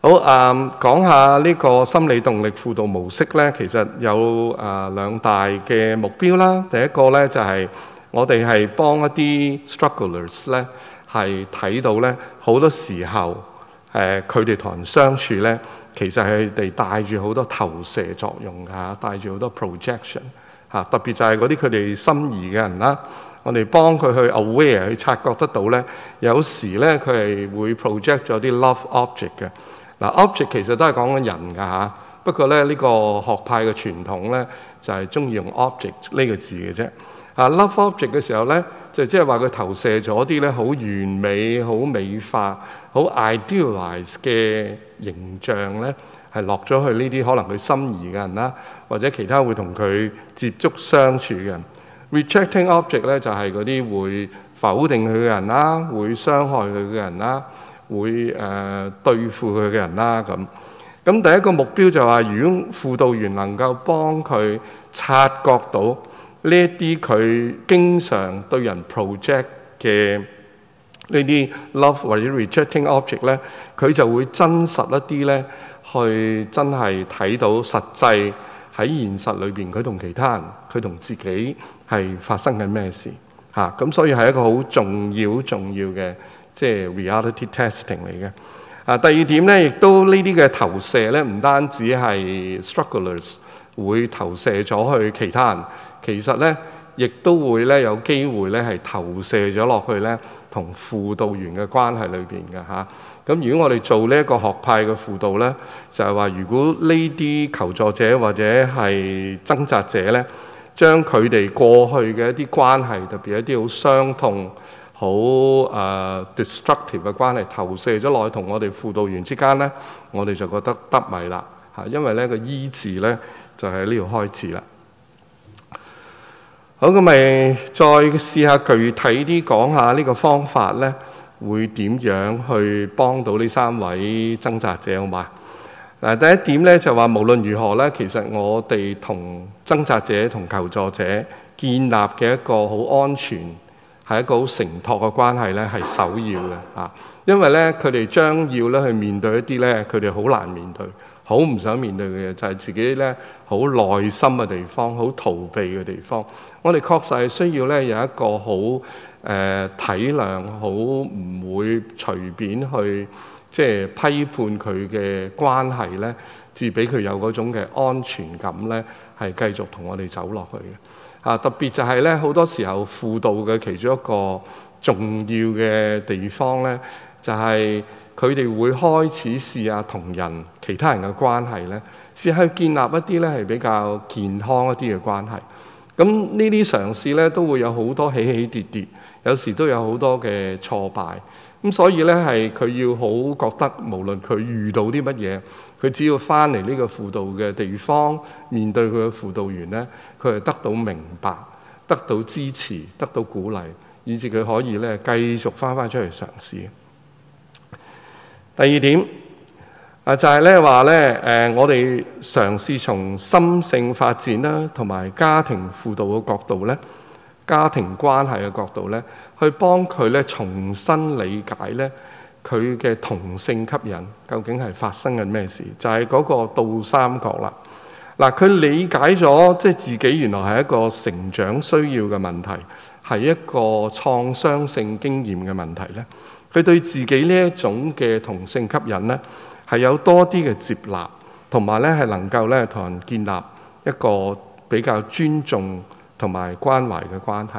好啊，um, 講下呢個心理動力輔導模式咧，其實有啊兩大嘅目標啦。第一個咧就係、是、我哋係幫一啲 strugglers 咧，係睇到咧好多時候，誒佢哋同人相處咧，其實係佢哋帶住好多投射作用㗎，帶住好多 projection。嚇，特別就係嗰啲佢哋心儀嘅人啦，我哋幫佢去 aware 去察覺得到咧，有時咧佢係會 project 咗啲 love object 嘅。嗱、嗯、object 其實都係講緊人㗎嚇，不過咧呢、呢個學派嘅傳統咧就係中意用 object 呢個字嘅啫。嚇、啊、love object 嘅時候咧，就即係話佢投射咗啲咧好完美、好美化、好 idealize 嘅形象咧，係落咗去呢啲可能佢心儀嘅人啦。或者其他會同佢接觸相處嘅人 rejecting object 咧，就係嗰啲會否定佢嘅人啦，會傷害佢嘅人啦，會誒、呃、對付佢嘅人啦咁。咁、嗯、第一個目標就話、係，如果輔導員能夠幫佢察覺到呢一啲佢經常對人 project 嘅呢啲 love 或者 rejecting object 咧，佢就會真實一啲咧，去真係睇到實際。喺現實裏邊，佢同其他人，佢同自己係發生緊咩事嚇？咁，啊，所以係一個好重要、重要嘅，即係 reality testing 嚟嘅。啊，第二點咧，亦都呢啲嘅投射咧，唔單止係 strugglers 會投射咗去其他人，其實咧，亦都會咧有機會咧係投射咗落去咧，同輔導員嘅關係裏邊嘅嚇。啊。咁如果我哋做呢一個學派嘅輔導呢，就係話，如果呢啲求助者或者係掙扎者呢，將佢哋過去嘅一啲關係，特別一啲好傷痛、好誒、uh, destructive 嘅關係投射咗落去同我哋輔導員之間呢，我哋就覺得得咪啦嚇，因為呢、呢個醫、e、字呢，就喺呢度開始啦。好，咁咪再試下具體啲講下呢個方法呢。會點樣去幫到呢三位掙扎者？好嘛？第一點咧就話，無論如何咧，其實我哋同掙扎者同求助者建立嘅一個好安全、係一個好承托嘅關係咧，係首要嘅啊。因為咧，佢哋將要咧去面對一啲咧，佢哋好難面對、好唔想面對嘅嘢，就係自己咧好內心嘅地方、好逃避嘅地方。我哋確實係需要咧有一個好誒、呃、體諒好唔會隨便去即係批判佢嘅關係咧，至俾佢有嗰種嘅安全感咧，係繼續同我哋走落去嘅。啊，特別就係咧好多時候輔導嘅其中一個重要嘅地方咧，就係佢哋會開始試下同人其他人嘅關係咧，試下去建立一啲咧係比較健康一啲嘅關係。咁呢啲嘗試咧都會有好多起起跌跌。有時都有好多嘅挫敗，咁所以咧係佢要好覺得，無論佢遇到啲乜嘢，佢只要翻嚟呢個輔導嘅地方，面對佢嘅輔導員咧，佢係得到明白、得到支持、得到鼓勵，以至佢可以咧繼續翻翻出去嘗試。第二點啊，就係咧話咧，誒、呃，我哋嘗試從心性發展啦，同埋家庭輔導嘅角度咧。家庭關係嘅角度咧，去幫佢咧重新理解咧佢嘅同性吸引究竟係發生緊咩事？就係、是、嗰個倒三角啦。嗱，佢理解咗即係自己原來係一個成長需要嘅問題，係一個創傷性經驗嘅問題咧。佢對自己呢一種嘅同性吸引咧，係有多啲嘅接納，同埋咧係能夠咧同人建立一個比較尊重，同埋關懷嘅關係，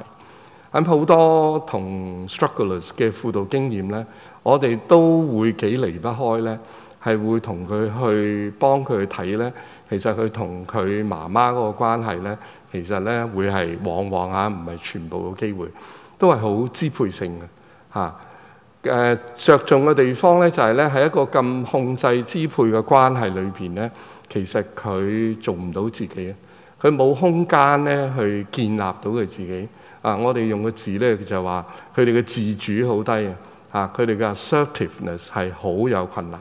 咁好多同 strugglers 嘅輔導經驗咧，我哋都會幾離不開咧，係會同佢去幫佢去睇咧，其實佢同佢媽媽嗰個關係咧，其實咧會係往往嚇唔係全部嘅機會，都係好支配性嘅嚇。誒、啊、着重嘅地方咧就係咧，喺一個咁控制支配嘅關係裏邊咧，其實佢做唔到自己。佢冇空間咧，去建立到佢自己啊！我哋用個字咧，就係話佢哋嘅自主好低啊！佢哋嘅 assertiveness 係好有困難。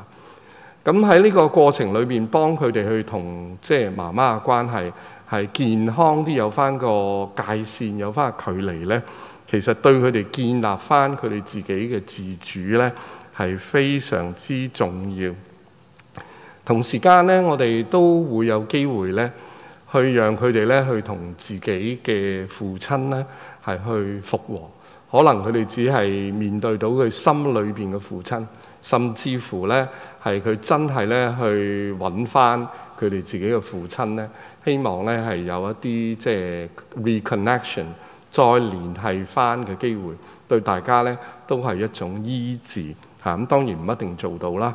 咁喺呢個過程裏邊，幫佢哋去同即係媽媽嘅關係係健康啲，有翻個界線，有翻距離咧，其實對佢哋建立翻佢哋自己嘅自主咧，係非常之重要。同時間咧，我哋都會有機會咧。去讓佢哋咧，去同自己嘅父親咧，係去復和。可能佢哋只係面對到佢心裏邊嘅父親，甚至乎咧係佢真係咧去揾翻佢哋自己嘅父親咧，希望咧係有一啲即係、就是、reconnection 再聯繫翻嘅機會，對大家咧都係一種醫治嚇。咁、嗯、當然唔一定做到啦。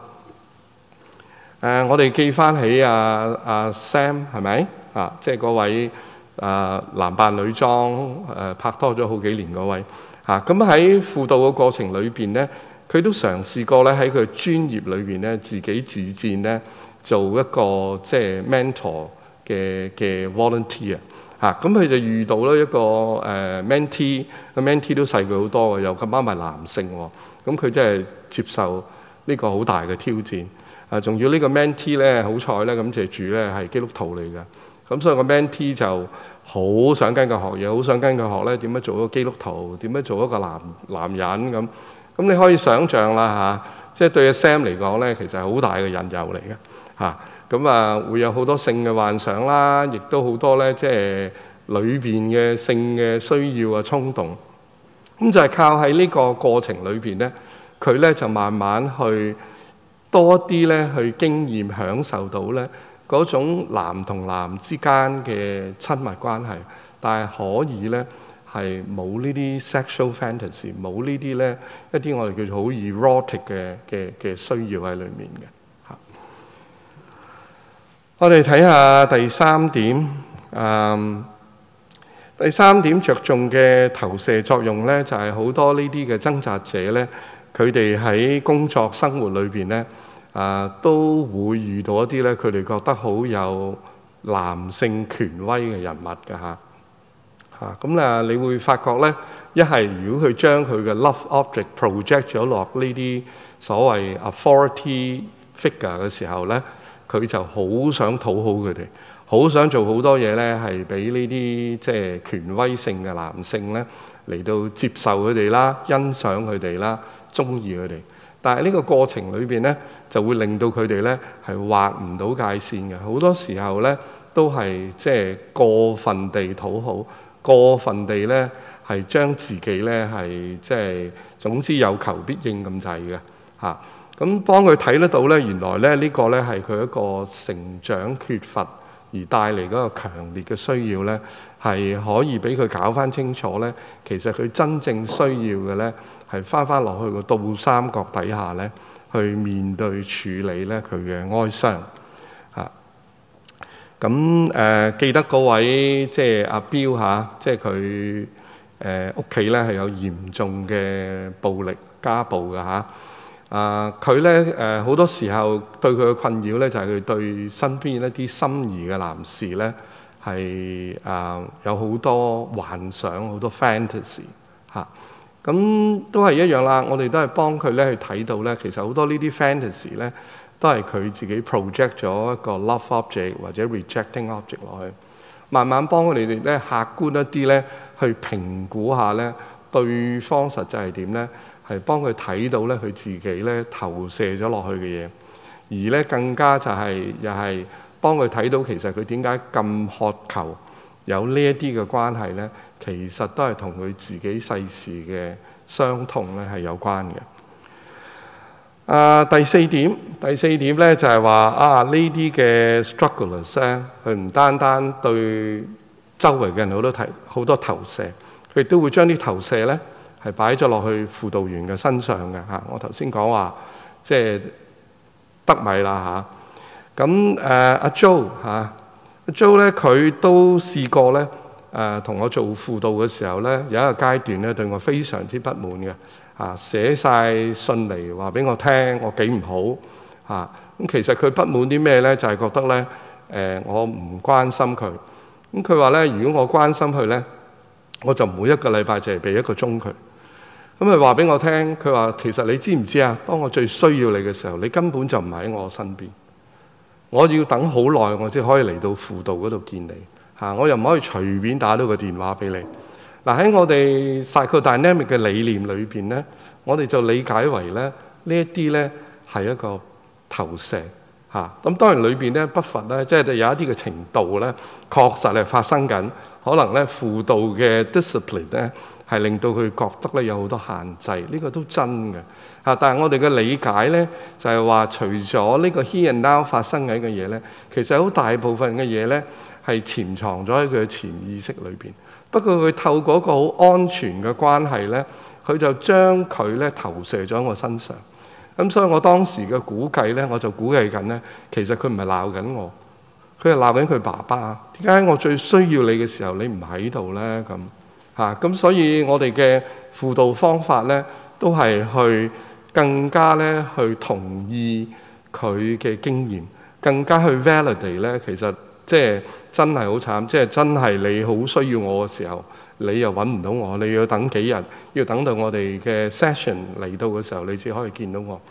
誒、呃，我哋記翻起阿、啊、阿、啊、Sam 係咪？啊，即係嗰位啊男扮女裝，誒拍拖咗好幾年嗰位，嚇咁喺輔導嘅過程裏邊咧，佢都嘗試過咧喺佢專業裏邊咧自己自薦咧做一個即係 mentor 嘅嘅 volunteer，嚇咁佢就遇到咧一個誒 mentee，個 mentee 都細佢好多嘅，又咁啱係男性喎，咁佢真係接受呢個好大嘅挑戰，啊仲要呢個 mentee 咧好彩咧感謝主咧係基督徒嚟嘅。咁、嗯、所以個 mentee 就好想跟佢學嘢，好想跟佢學咧點樣做一個基督徒，點樣做一個男男人咁。咁你可以想像啦吓，即係對阿 Sam 嚟講咧，其實係好大嘅引誘嚟嘅吓，咁啊，啊，會有好多性嘅幻想啦，亦都好多咧，即係裏邊嘅性嘅需要啊衝動。咁就係靠喺呢個過程裏邊咧，佢咧就慢慢去多啲咧去經驗享受到咧。嗰種男同男之間嘅親密關係，但係可以咧係冇呢啲 sexual fantasy，冇呢啲咧一啲我哋叫做好 erotic 嘅嘅嘅需要喺裡面嘅嚇。我哋睇下第三點，嗯，第三點着重嘅投射作用咧，就係好多呢啲嘅掙扎者咧，佢哋喺工作生活裏邊咧。啊，都會遇到一啲咧，佢哋覺得好有男性權威嘅人物嘅嚇嚇。咁、啊、咧、啊啊，你會發覺咧，一係如果佢將佢嘅 love object project 咗落呢啲所謂 authority figure 嘅時候咧，佢就好想討好佢哋，好想做好多嘢咧，係俾呢啲即係權威性嘅男性咧嚟到接受佢哋啦，欣賞佢哋啦，鍾意佢哋。但係呢個過程裏邊咧，就會令到佢哋咧係劃唔到界線嘅，好多時候咧都係即係過分地討好，過分地咧係將自己咧係即係總之有求必應咁滯嘅嚇。咁當佢睇得到咧，原來咧呢、呢個咧係佢一個成長缺乏而帶嚟嗰個強烈嘅需要咧，係可以俾佢搞翻清楚咧。其實佢真正需要嘅咧係翻翻落去個倒三角底下咧。去面對處理咧佢嘅哀傷嚇。咁誒、呃、記得嗰位即係、就是、阿彪嚇，即係佢誒屋企咧係有嚴重嘅暴力家暴㗎嚇。啊佢咧誒好多時候對佢嘅困擾咧就係、是、佢對身邊一啲心儀嘅男士咧係誒有好多幻想，好多 fantasy。咁都係一樣啦，我哋都係幫佢咧去睇到咧，其實好多呢啲 fantasy 咧，都係佢自己 project 咗一個 love object 或者 rejecting object 落去，慢慢幫佢哋咧客觀一啲咧，去評估下咧對方實際係點咧，係幫佢睇到咧佢自己咧投射咗落去嘅嘢，而咧更加就係又係幫佢睇到其實佢點解咁渴求有呢一啲嘅關係咧。其實都係同佢自己世事嘅傷痛咧係有關嘅。啊、呃，第四點，第四點咧就係、是、話啊，呢啲嘅 struggles，佢唔單單對周圍嘅人好多投好多投射，佢亦都會將啲投射咧係擺咗落去輔導員嘅身上嘅嚇、啊。我頭先講話即係、就是、得米啦嚇，咁誒阿 Joe 嚇阿 Joe 咧佢都試過咧。誒同我做輔導嘅時候呢，有一個階段呢，對我非常之不滿嘅嚇，寫晒信嚟話俾我聽，我幾唔好嚇。咁、啊、其實佢不滿啲咩呢？就係、是、覺得呢，誒、呃、我唔關心佢。咁佢話呢，如果我關心佢呢，我就每一個禮拜就係俾一個鐘佢。咁佢話俾我聽，佢話其實你知唔知啊？當我最需要你嘅時候，你根本就唔喺我身邊。我要等好耐，我先可以嚟到輔導嗰度見你。啊！我又唔可以隨便打到個電話俾你。嗱，喺我哋 Psychodynamic 嘅理念裏邊咧，我哋就理解為咧呢一啲咧係一個投射嚇。咁、啊、當然裏邊咧不乏咧，er, 即係有一啲嘅程度咧，確實係發生緊。可能咧輔導嘅 discipline 咧係令到佢覺得咧有好多限制，呢、這個都真嘅嚇、啊。但係我哋嘅理解咧就係話，除咗呢個 here and now 發生緊嘅嘢咧，其實好大部分嘅嘢咧。係潛藏咗喺佢嘅潛意識裏邊。不過佢透過一個好安全嘅關係咧，佢就將佢咧投射咗喺我身上。咁所以我當時嘅估計咧，我就估計緊咧，其實佢唔係鬧緊我，佢係鬧緊佢爸爸。點解我最需要你嘅時候你唔喺度咧？咁嚇咁，啊，所以我哋嘅輔導方法咧，都係去更加咧去同意佢嘅經驗，更加去 validate 咧，其實即係。真係好慘，即係真係你好需要我嘅時候，你又揾唔到我，你要等幾日，要等到我哋嘅 session 嚟到嘅時候，你至可以見到我。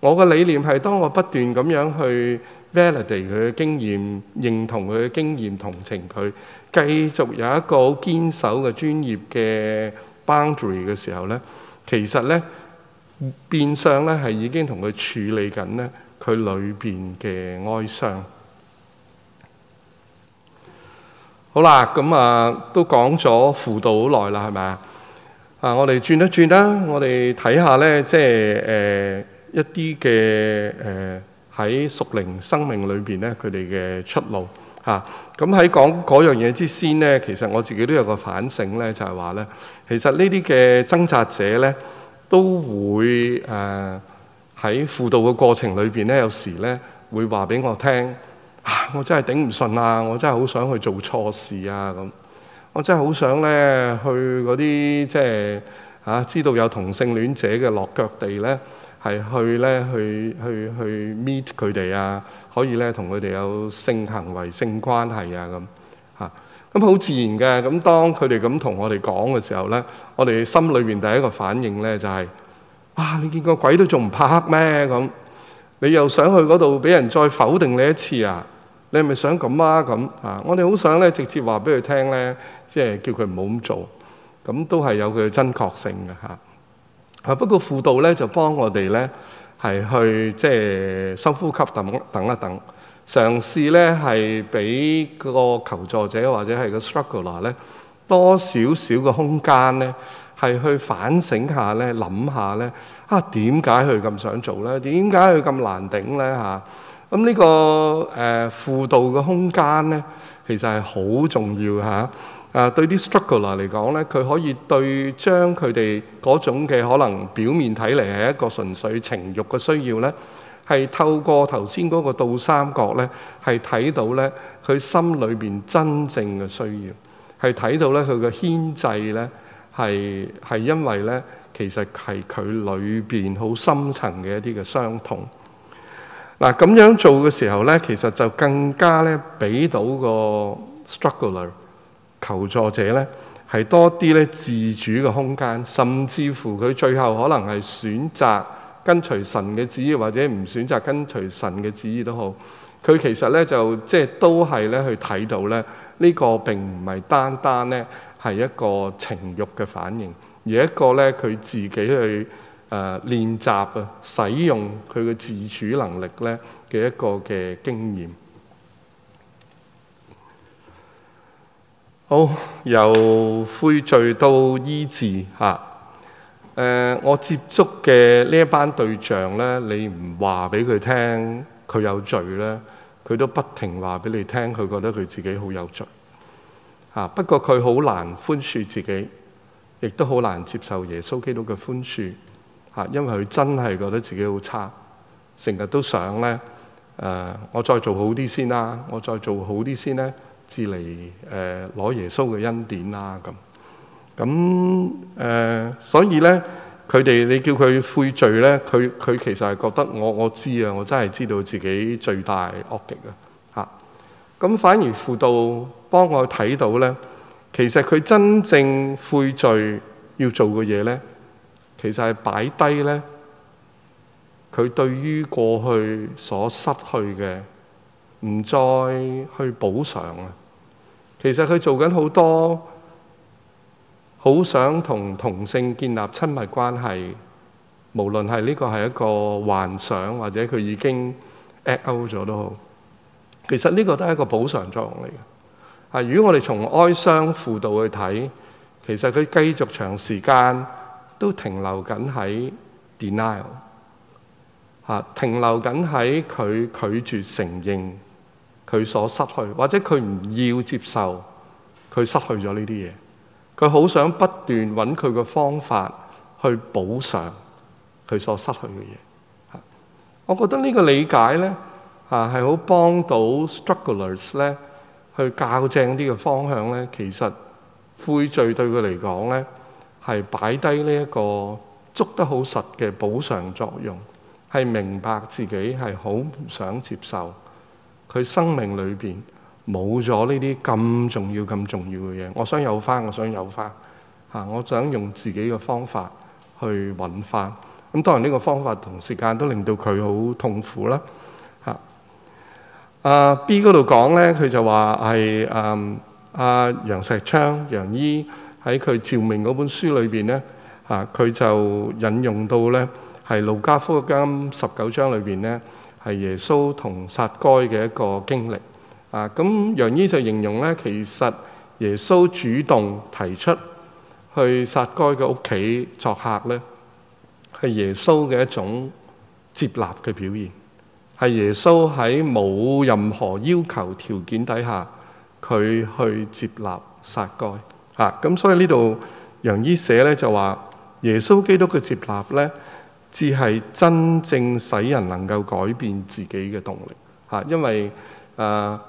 我嘅理念係，當我不斷咁樣去 validate 佢嘅經驗，認同佢嘅經驗，同情佢，繼續有一個堅守嘅專業嘅 boundary 嘅時候咧，其實咧，變相咧係已經同佢處理緊咧佢裏邊嘅哀傷。好啦，咁啊都講咗輔導好耐啦，係咪啊？啊，我哋轉一轉啦，我哋睇下咧，即係誒一啲嘅誒喺屬靈生命裏邊咧，佢哋嘅出路嚇。咁喺講嗰樣嘢之先咧，其實我自己都有個反省咧，就係話咧，其實呢啲嘅掙扎者咧都會誒喺輔導嘅過程裏邊咧，有時咧會話俾我聽。我真係頂唔順啊！我真係好想去做錯事啊！咁我真係好想咧去嗰啲即係嚇、啊、知道有同性戀者嘅落腳地咧，係去咧去去去 meet 佢哋啊！可以咧同佢哋有性行為、性關係啊！咁嚇咁好自然嘅。咁當佢哋咁同我哋講嘅時候咧，我哋心裏邊第一個反應咧就係、是：哇！你見過鬼都仲唔怕黑咩？咁你又想去嗰度俾人再否定你一次啊！你係咪想咁啊？咁啊！我哋好想咧，直接話俾佢聽咧，即係叫佢唔好咁做。咁都係有佢嘅真確性嘅嚇。啊，不過輔導咧就幫我哋咧係去即係深呼吸等、等等一等，嘗試咧係俾個求助者或者係個 struggler 咧多少少個空間咧，係去反省下咧、諗下咧啊，點解佢咁想做咧？點解佢咁難頂咧？嚇！咁呢、這個誒、呃、輔導嘅空間咧，其實係好重要嚇、啊。啊，對啲 struggle 嚟講咧，佢可以對將佢哋嗰種嘅可能表面睇嚟係一個純粹情慾嘅需要咧，係透過頭先嗰個倒三角咧，係睇到咧佢心裏邊真正嘅需要，係睇到咧佢嘅牽制咧，係係因為咧，其實係佢裏邊好深層嘅一啲嘅傷痛。嗱，咁樣做嘅時候咧，其實就更加咧俾到個 struggler 求助者咧，係多啲咧自主嘅空間，甚至乎佢最後可能係選擇跟隨神嘅旨意，或者唔選擇跟隨神嘅旨意都好。佢其實咧就即係都係咧去睇到咧，呢個並唔係單單咧係一個情欲嘅反應，而一個咧佢自己去。誒、呃、練習啊，使用佢嘅自主能力咧嘅一個嘅經驗。好、哦，由悔罪到醫治嚇。誒、啊呃，我接觸嘅呢一班對象咧，你唔話俾佢聽，佢有罪咧，佢都不停話俾你聽，佢覺得佢自己好有罪嚇、啊。不過佢好難寬恕自己，亦都好難接受耶穌基督嘅寬恕。啊，因為佢真係覺得自己好差，成日都想咧，誒、呃，我再做好啲先啦，我再做好啲先咧，至嚟誒攞耶穌嘅恩典啦咁。咁誒、呃，所以咧，佢哋你叫佢悔罪咧，佢佢其實係覺得我我知啊，我真係知道自己罪大惡極啊。嚇，咁反而輔導幫我睇到咧，其實佢真正悔罪要做嘅嘢咧。其實係擺低咧，佢對於過去所失去嘅唔再去補償啊。其實佢做緊好多好想同同性建立親密關係，無論係呢個係一個幻想，或者佢已經 act out 咗都好。其實呢個都係一個補償作用嚟嘅啊。如果我哋從哀傷輔導去睇，其實佢繼續長時間。都停留緊喺 denial，停留緊喺佢拒絕承認佢所失去，或者佢唔要接受佢失去咗呢啲嘢。佢好想不斷揾佢嘅方法去補償佢所失去嘅嘢。我覺得呢個理解呢嚇係好幫到 strugglers 咧去校正啲嘅方向呢。其實悔罪對佢嚟講呢。係擺低呢一個捉得好實嘅補償作用，係明白自己係好唔想接受佢生命裏邊冇咗呢啲咁重要咁重要嘅嘢。我想有返，我想有返吓，我想用自己嘅方法去搵返。咁當然呢個方法同時間都令到佢好痛苦啦吓。阿、啊、B 嗰度講咧，佢就話係嗯阿、啊、楊石昌、楊姨。喺佢照明嗰本書裏邊咧，啊，佢就引用到咧，係路加福音十九章裏邊咧，係耶穌同撒該嘅一個經歷啊。咁楊醫就形容咧，其實耶穌主動提出去撒該嘅屋企作客咧，係耶穌嘅一種接納嘅表現，係耶穌喺冇任何要求條件底下，佢去接納撒該。嚇，咁、啊、所以呢度楊伊寫咧就話耶穌基督嘅接納咧，只係真正使人能夠改變自己嘅動力嚇、啊。因為誒、呃，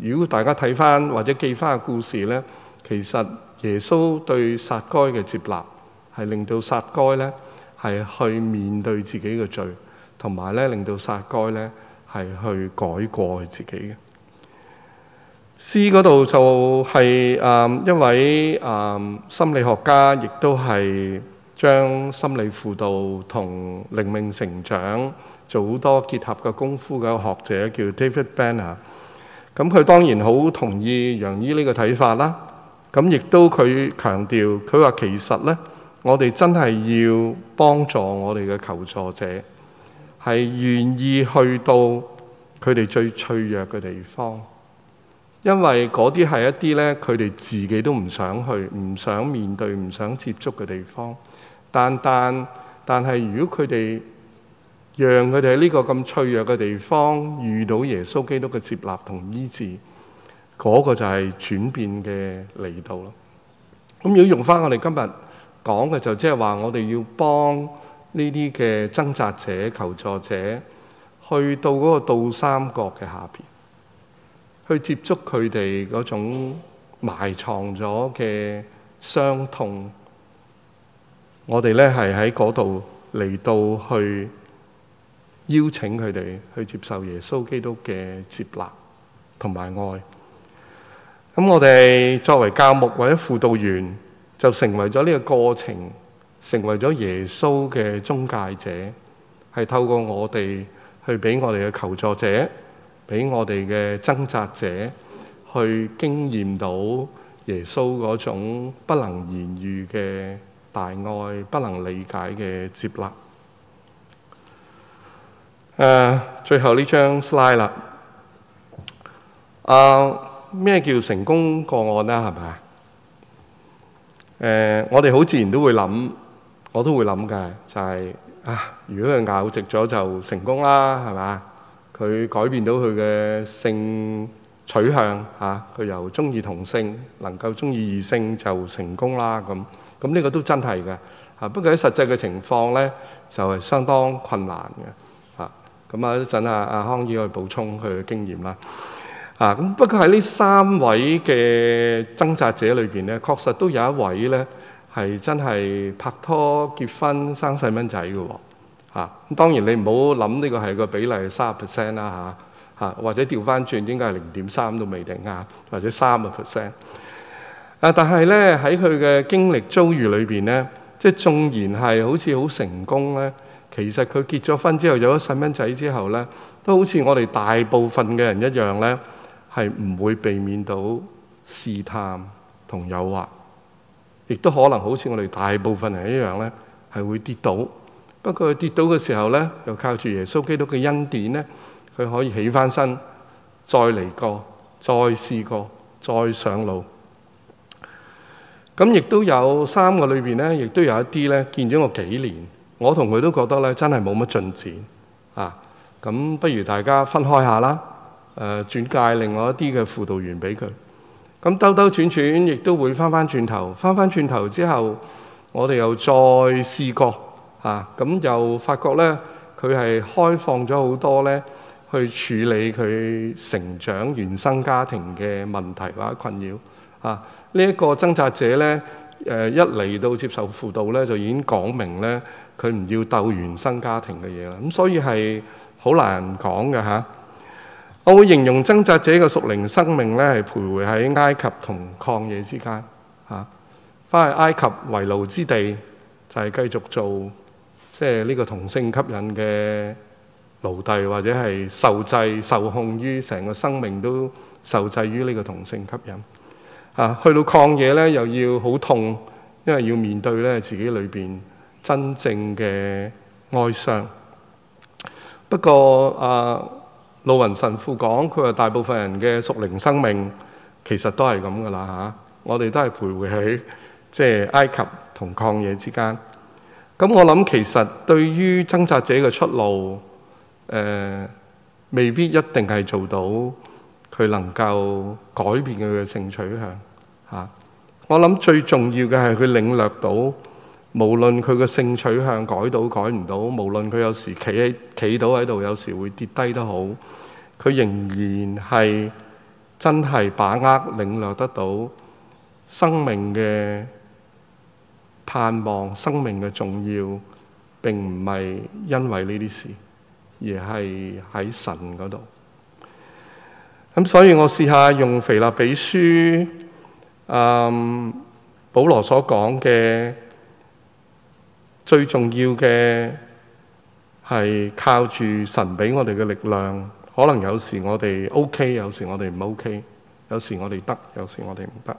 如果大家睇翻或者記翻個故事咧，其實耶穌對撒該嘅接納係令到撒該咧係去面對自己嘅罪，同埋咧令到撒該咧係去改過自己嘅。c 嗰度就係、是、誒、嗯、一位誒、嗯、心理學家，亦都係將心理輔導同靈命成長做好多結合嘅功夫嘅學者，叫 David Banner。咁、嗯、佢當然好同意楊姨呢個睇法啦。咁、嗯、亦都佢強調佢話其實咧，我哋真係要幫助我哋嘅求助者，係願意去到佢哋最脆弱嘅地方。因為嗰啲係一啲咧，佢哋自己都唔想去、唔想面對、唔想接觸嘅地方。但但但係，如果佢哋讓佢哋喺呢個咁脆弱嘅地方遇到耶穌基督嘅接納同醫治，嗰、那個就係轉變嘅嚟到咯。咁如果用翻我哋今日講嘅，就即係話我哋要幫呢啲嘅掙扎者、求助者，去到嗰個倒三角嘅下邊。去接觸佢哋嗰種埋藏咗嘅傷痛，我哋咧係喺嗰度嚟到去邀請佢哋去接受耶穌基督嘅接納同埋愛。咁我哋作為教牧或者輔導員，就成為咗呢個過程，成為咗耶穌嘅中介者，係透過我哋去俾我哋嘅求助者。俾我哋嘅掙扎者去經驗到耶穌嗰種不能言喻嘅大愛、不能理解嘅接納。誒、啊，最後呢張 slide 啦。啊，咩叫成功個案啦？係咪啊？誒、啊，我哋好自然都會諗，我都會諗嘅，就係、是、啊，如果佢咬直咗就成功啦，係咪啊？佢改變到佢嘅性取向嚇，佢由中意同性，能夠中意異性就成功啦咁。咁呢個都真係嘅嚇，不過喺實際嘅情況咧，就係相當困難嘅嚇。咁啊，一陣阿阿康姨去補充佢嘅經驗啦嚇。咁不過喺呢三位嘅掙扎者裏邊咧，確實都有一位咧係真係拍拖結婚生細蚊仔嘅喎。啊！當然你唔好諗呢個係個比例三十 percent 啦嚇嚇，或者調翻轉應該係零點三都未定啊，或者三個 percent。啊！但係咧喺佢嘅經歷遭遇裏邊咧，即係縱然係好似好成功咧，其實佢結咗婚之後有咗細蚊仔之後咧，都好似我哋大部分嘅人一樣咧，係唔會避免到試探同誘惑，亦都可能好似我哋大部分人一樣咧，係會跌倒。不過跌倒嘅時候咧，又靠住耶穌基督嘅恩典咧，佢可以起翻身，再嚟過，再試過，再上路。咁亦都有三個裏邊咧，亦都有一啲咧，見咗我幾年，我同佢都覺得咧真係冇乜進展啊！咁不如大家分開下啦，誒、呃、轉介另外一啲嘅輔導員俾佢。咁兜兜轉轉，亦都會翻翻轉頭，翻翻轉頭之後，我哋又再試過。啊，咁、嗯、又發覺咧，佢係開放咗好多咧，去處理佢成長原生家庭嘅問題或者困擾。啊，呢、這、一個掙扎者咧，誒、啊、一嚟到接受輔導咧，就已經講明咧，佢唔要鬥原生家庭嘅嘢啦。咁、啊、所以係好難講嘅嚇。我會形容掙扎者嘅屬靈生命咧，係徘徊喺埃及同曠野之間。嚇、啊，翻去埃及為奴之地，就係、是、繼續做。即係呢個同性吸引嘅奴隸，或者係受制、受控於成個生命都受制於呢個同性吸引。啊，去到曠野咧又要好痛，因為要面對咧自己裏邊真正嘅哀傷。不過啊，路雲神父講，佢話大部分人嘅屬靈生命其實都係咁噶啦嚇，我哋都係徘徊喺即係埃及同曠野之間。咁我諗其實對於掙扎者嘅出路，誒未必一定係做到佢能夠改變佢嘅性取向嚇。我諗最重要嘅係佢領略到，無論佢嘅性取向改到改唔到，無論佢有時企喺企到喺度，有時會跌低都好，佢仍然係真係把握領略得到生命嘅盼望生命嘅重要，並唔係因為呢啲事，而係喺神嗰度。咁所以我試下用腓立比書，嗯，保羅所講嘅最重要嘅係靠住神俾我哋嘅力量。可能有時我哋 OK，有時我哋唔 OK，有時我哋得，有時我哋唔得。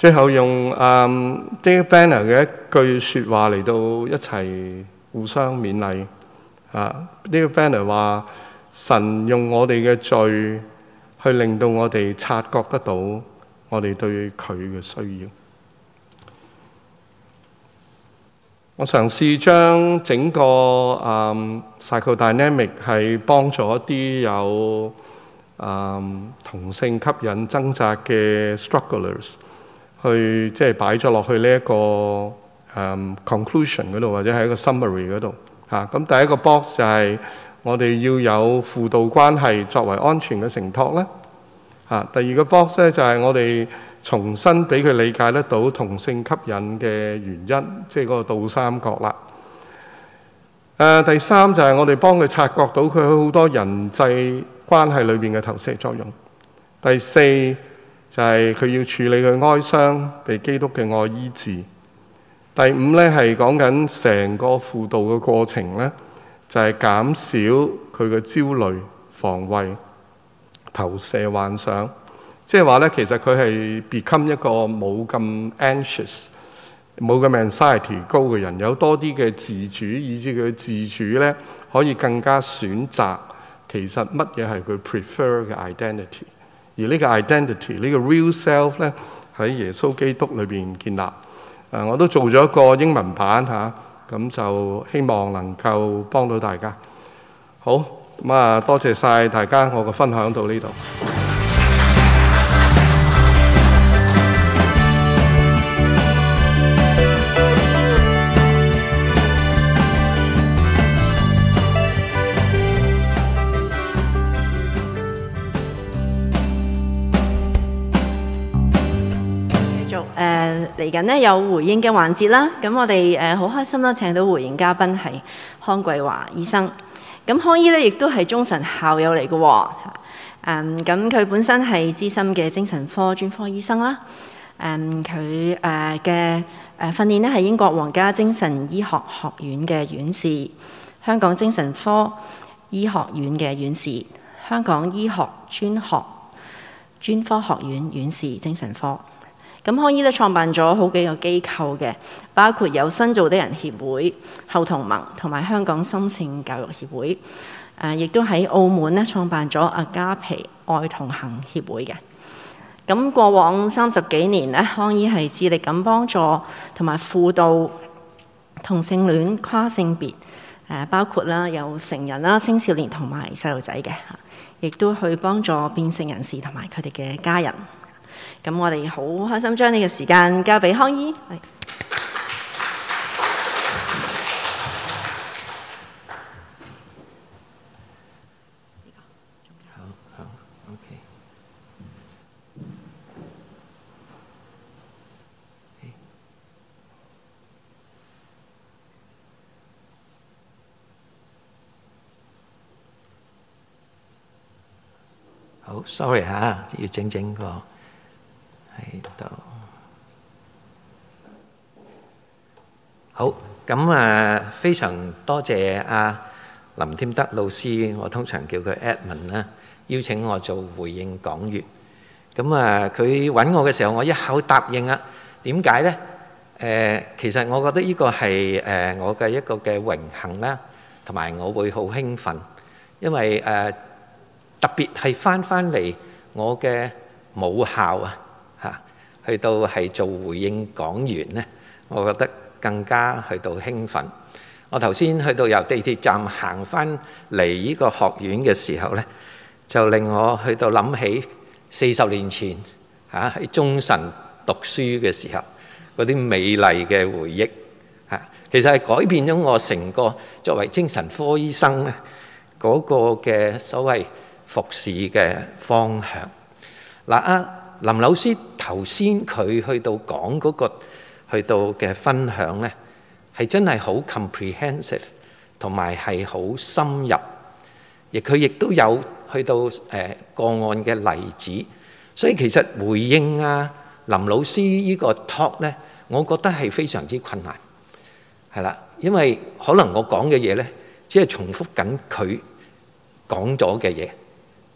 最後用啊呢、um, 個 banner 嘅一句説話嚟到一齊互相勉勵啊！呢、uh, 個 banner 話：神用我哋嘅罪去令到我哋察覺得到我哋對佢嘅需要。我嘗試將整個啊、um, psychodynamic 係幫助一啲有啊、um, 同性吸引掙扎嘅 strugglers。去即係擺咗落去呢一個誒 conclusion 嗰度，或者喺一個 summary 嗰度嚇。咁第一個 box 就係我哋要有輔導關係作為安全嘅承托啦嚇。第二個 box 咧就係我哋重新俾佢理解得到同性吸引嘅原因，即係嗰個倒三角啦。誒，第三就係我哋幫佢察覺到佢好多人際關係裏邊嘅投射作用。第四，就係佢要處理佢哀傷，被基督嘅愛醫治。第五咧係講緊成個輔導嘅過程咧，就係減少佢嘅焦慮、防衛、投射、幻想。即係話咧，其實佢係 become 一個冇咁 anxious、冇咁 anxiety 高嘅人，有多啲嘅自主，以致佢嘅自主咧可以更加選擇。其實乜嘢係佢 prefer 嘅 identity？而呢個 identity，呢個 real self 呢，喺耶穌基督裏邊建立。啊，我都做咗一個英文版嚇，咁，啊，就希望能夠幫到大家。好，咁，嗯，啊，多謝晒大家，我嘅分享到呢度。嚟緊咧有回應嘅環節啦，咁我哋誒好開心啦，請到回應嘉賓係康桂華醫生。咁康醫呢，亦都係中神校友嚟嘅喎。誒、嗯，咁佢本身係資深嘅精神科專科醫生啦。誒、嗯，佢誒嘅誒訓練呢，係英國皇家精神醫學學院嘅院士，香港精神科醫學院嘅院士，香港醫學專學專科學院院士精神科。咁康醫咧創辦咗好幾個機構嘅，包括有新造的人協會、後同盟同埋香港心性教育協會，誒、呃、亦都喺澳門咧創辦咗阿加皮愛同行協會嘅。咁、嗯、過往三十幾年咧，康醫係致力咁幫助同埋輔導同性戀、跨性別，誒、呃、包括啦有成人啦、青少年同埋細路仔嘅，嚇、啊，亦都去幫助變性人士同埋佢哋嘅家人。咁我哋好開心將呢個時間交畀康姨。好，好，OK。好，sorry，吓，要整整個。喺度好咁啊，非常多謝阿林添德老師，我通常叫佢 Edmund 啦，邀請我做回應講粵咁啊。佢搵我嘅時候，我一口答應啦。點解呢？誒，其實我覺得呢個係誒我嘅一個嘅榮幸啦，同埋我會好興奮，因為誒特別係翻翻嚟我嘅母校啊！去到係做回應講員呢，我覺得更加去到興奮。我頭先去到由地鐵站行翻嚟呢個學院嘅時候呢，就令我去到諗起四十年前嚇喺中神讀書嘅時候嗰啲美麗嘅回憶嚇，其實係改變咗我成個作為精神科醫生咧嗰個嘅所謂服侍嘅方向。嗱啊！林老師頭先佢去到講嗰個去到嘅分享咧，係真係好 comprehensive，同埋係好深入，亦佢亦都有去到誒個案嘅例子。所以其實回應啊，林老師呢個 talk 咧，我覺得係非常之困難，係啦，因為可能我講嘅嘢咧，只係重複緊佢講咗嘅嘢。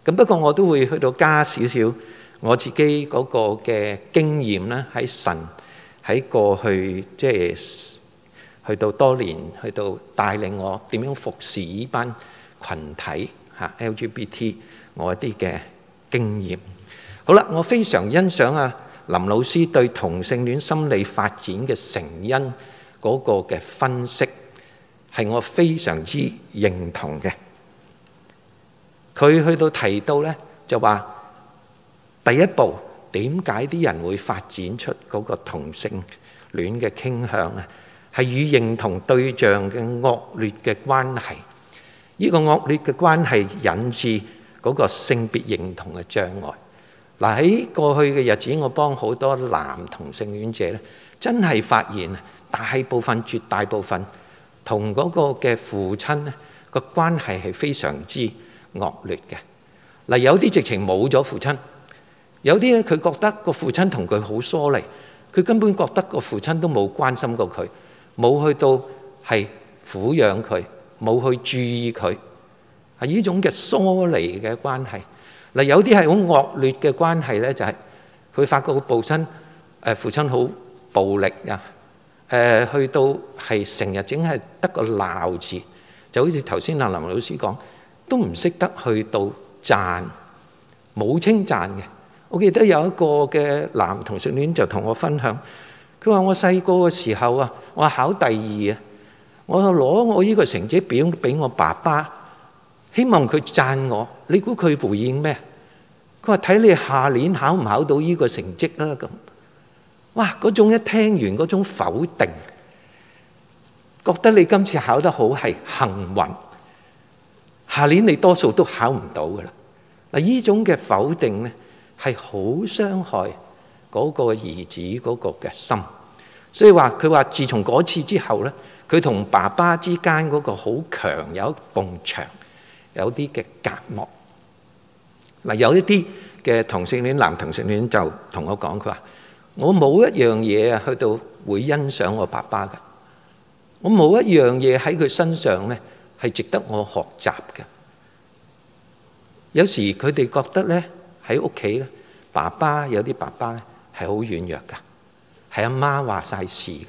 咁不過我都會去到加少少。我自己嗰個嘅經驗咧，喺神喺過去即係去到多年，去到帶領我點樣服侍呢班羣體嚇 LGBT 我一啲嘅經驗。好啦，我非常欣賞啊林老師對同性戀心理發展嘅成因嗰個嘅分析，係我非常之認同嘅。佢去到提到咧，就話，第一步，點解啲人會發展出嗰個同性戀嘅傾向啊？係與認同對象嘅惡劣嘅關係，呢個惡劣嘅關係引致嗰個性別認同嘅障礙嗱。喺過去嘅日子，我幫好多男同性戀者咧，真係發現大部分絕大部分同嗰個嘅父親呢個關係係非常之惡劣嘅嗱，有啲直情冇咗父親。有啲咧，佢覺得個父親同佢好疏離，佢根本覺得個父親都冇關心過佢，冇去到係撫養佢，冇去注意佢，係呢種嘅疏離嘅關係。嗱，有啲係好惡劣嘅關係咧，就係佢發覺個父親，誒父親好暴力啊，誒去到係成日淨係得個鬧字，就好似頭先阿林老師講，都唔識得去到讚，冇稱讚嘅。我記得有一個嘅男同性戀就同我分享，佢話：我細個嘅時候啊，我考第二啊，我攞我呢個成績表俾我爸爸，希望佢讚我。你估佢回應咩？佢話：睇你下年考唔考到呢個成績啦。咁，哇！嗰種一聽完嗰種否定，覺得你今次考得好係幸運，下年你多數都考唔到噶啦。嗱，呢種嘅否定咧。係好傷害嗰個兒子嗰個嘅心，所以話佢話自從嗰次之後咧，佢同爸爸之間嗰個好強有埲牆，有啲嘅隔膜。嗱，有一啲嘅同性戀男同性戀就同我講，佢話我冇一樣嘢啊，去到會欣賞我爸爸㗎，我冇一樣嘢喺佢身上咧係值得我學習嘅。有時佢哋覺得咧。喺屋企咧，爸爸有啲爸爸咧係好軟弱㗎，係阿媽話晒事㗎，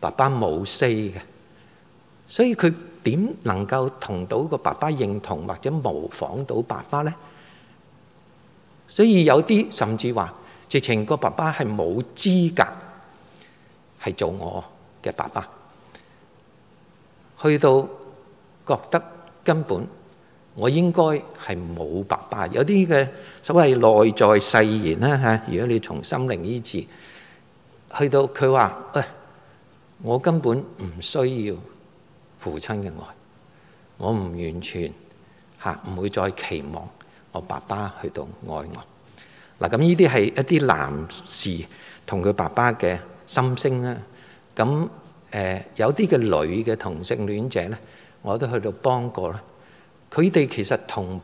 爸爸冇 say 嘅，所以佢點能夠同到個爸爸認同或者模仿到爸爸咧？所以有啲甚至話，直情個爸爸係冇資格係做我嘅爸爸，去到覺得根本。我應該係冇爸爸，有啲嘅所謂內在誓言啦嚇。如果你從心靈意志去到佢話：喂，我根本唔需要父親嘅愛，我唔完全嚇，唔會再期望我爸爸去到愛我。嗱，咁呢啲係一啲男士同佢爸爸嘅心聲啦。咁誒、呃，有啲嘅女嘅同性戀者咧，我都去到幫過咧。佢哋其實同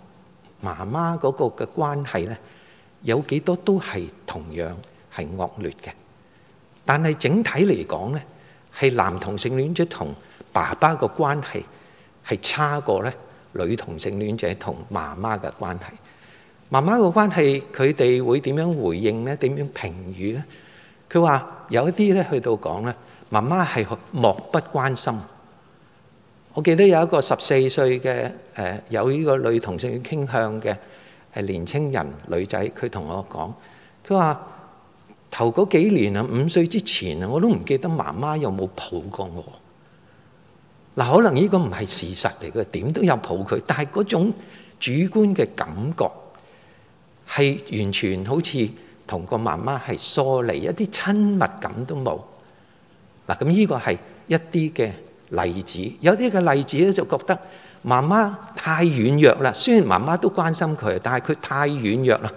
媽媽嗰個嘅關係咧，有幾多都係同樣係惡劣嘅。但係整體嚟講咧，係男同性戀者同爸爸嘅關係係差過咧女同性戀者同媽媽嘅關係。媽媽嘅關係，佢哋會點樣回應咧？點樣評語咧？佢話有一啲咧，去到講咧，媽媽係漠不關心。我記得有一個十四歲嘅誒有呢個女同性傾向嘅誒年青人女仔，佢同我講：佢話頭嗰幾年啊，五歲之前啊，我都唔記得媽媽有冇抱過我。嗱，可能呢個唔係事實嚟嘅，點都有抱佢，但係嗰種主觀嘅感覺係完全好似同個媽媽係疏離，一啲親密感都冇。嗱，咁呢個係一啲嘅。例子有啲嘅例子咧，就覺得媽媽太軟弱啦。雖然媽媽都關心佢，但係佢太軟弱啦。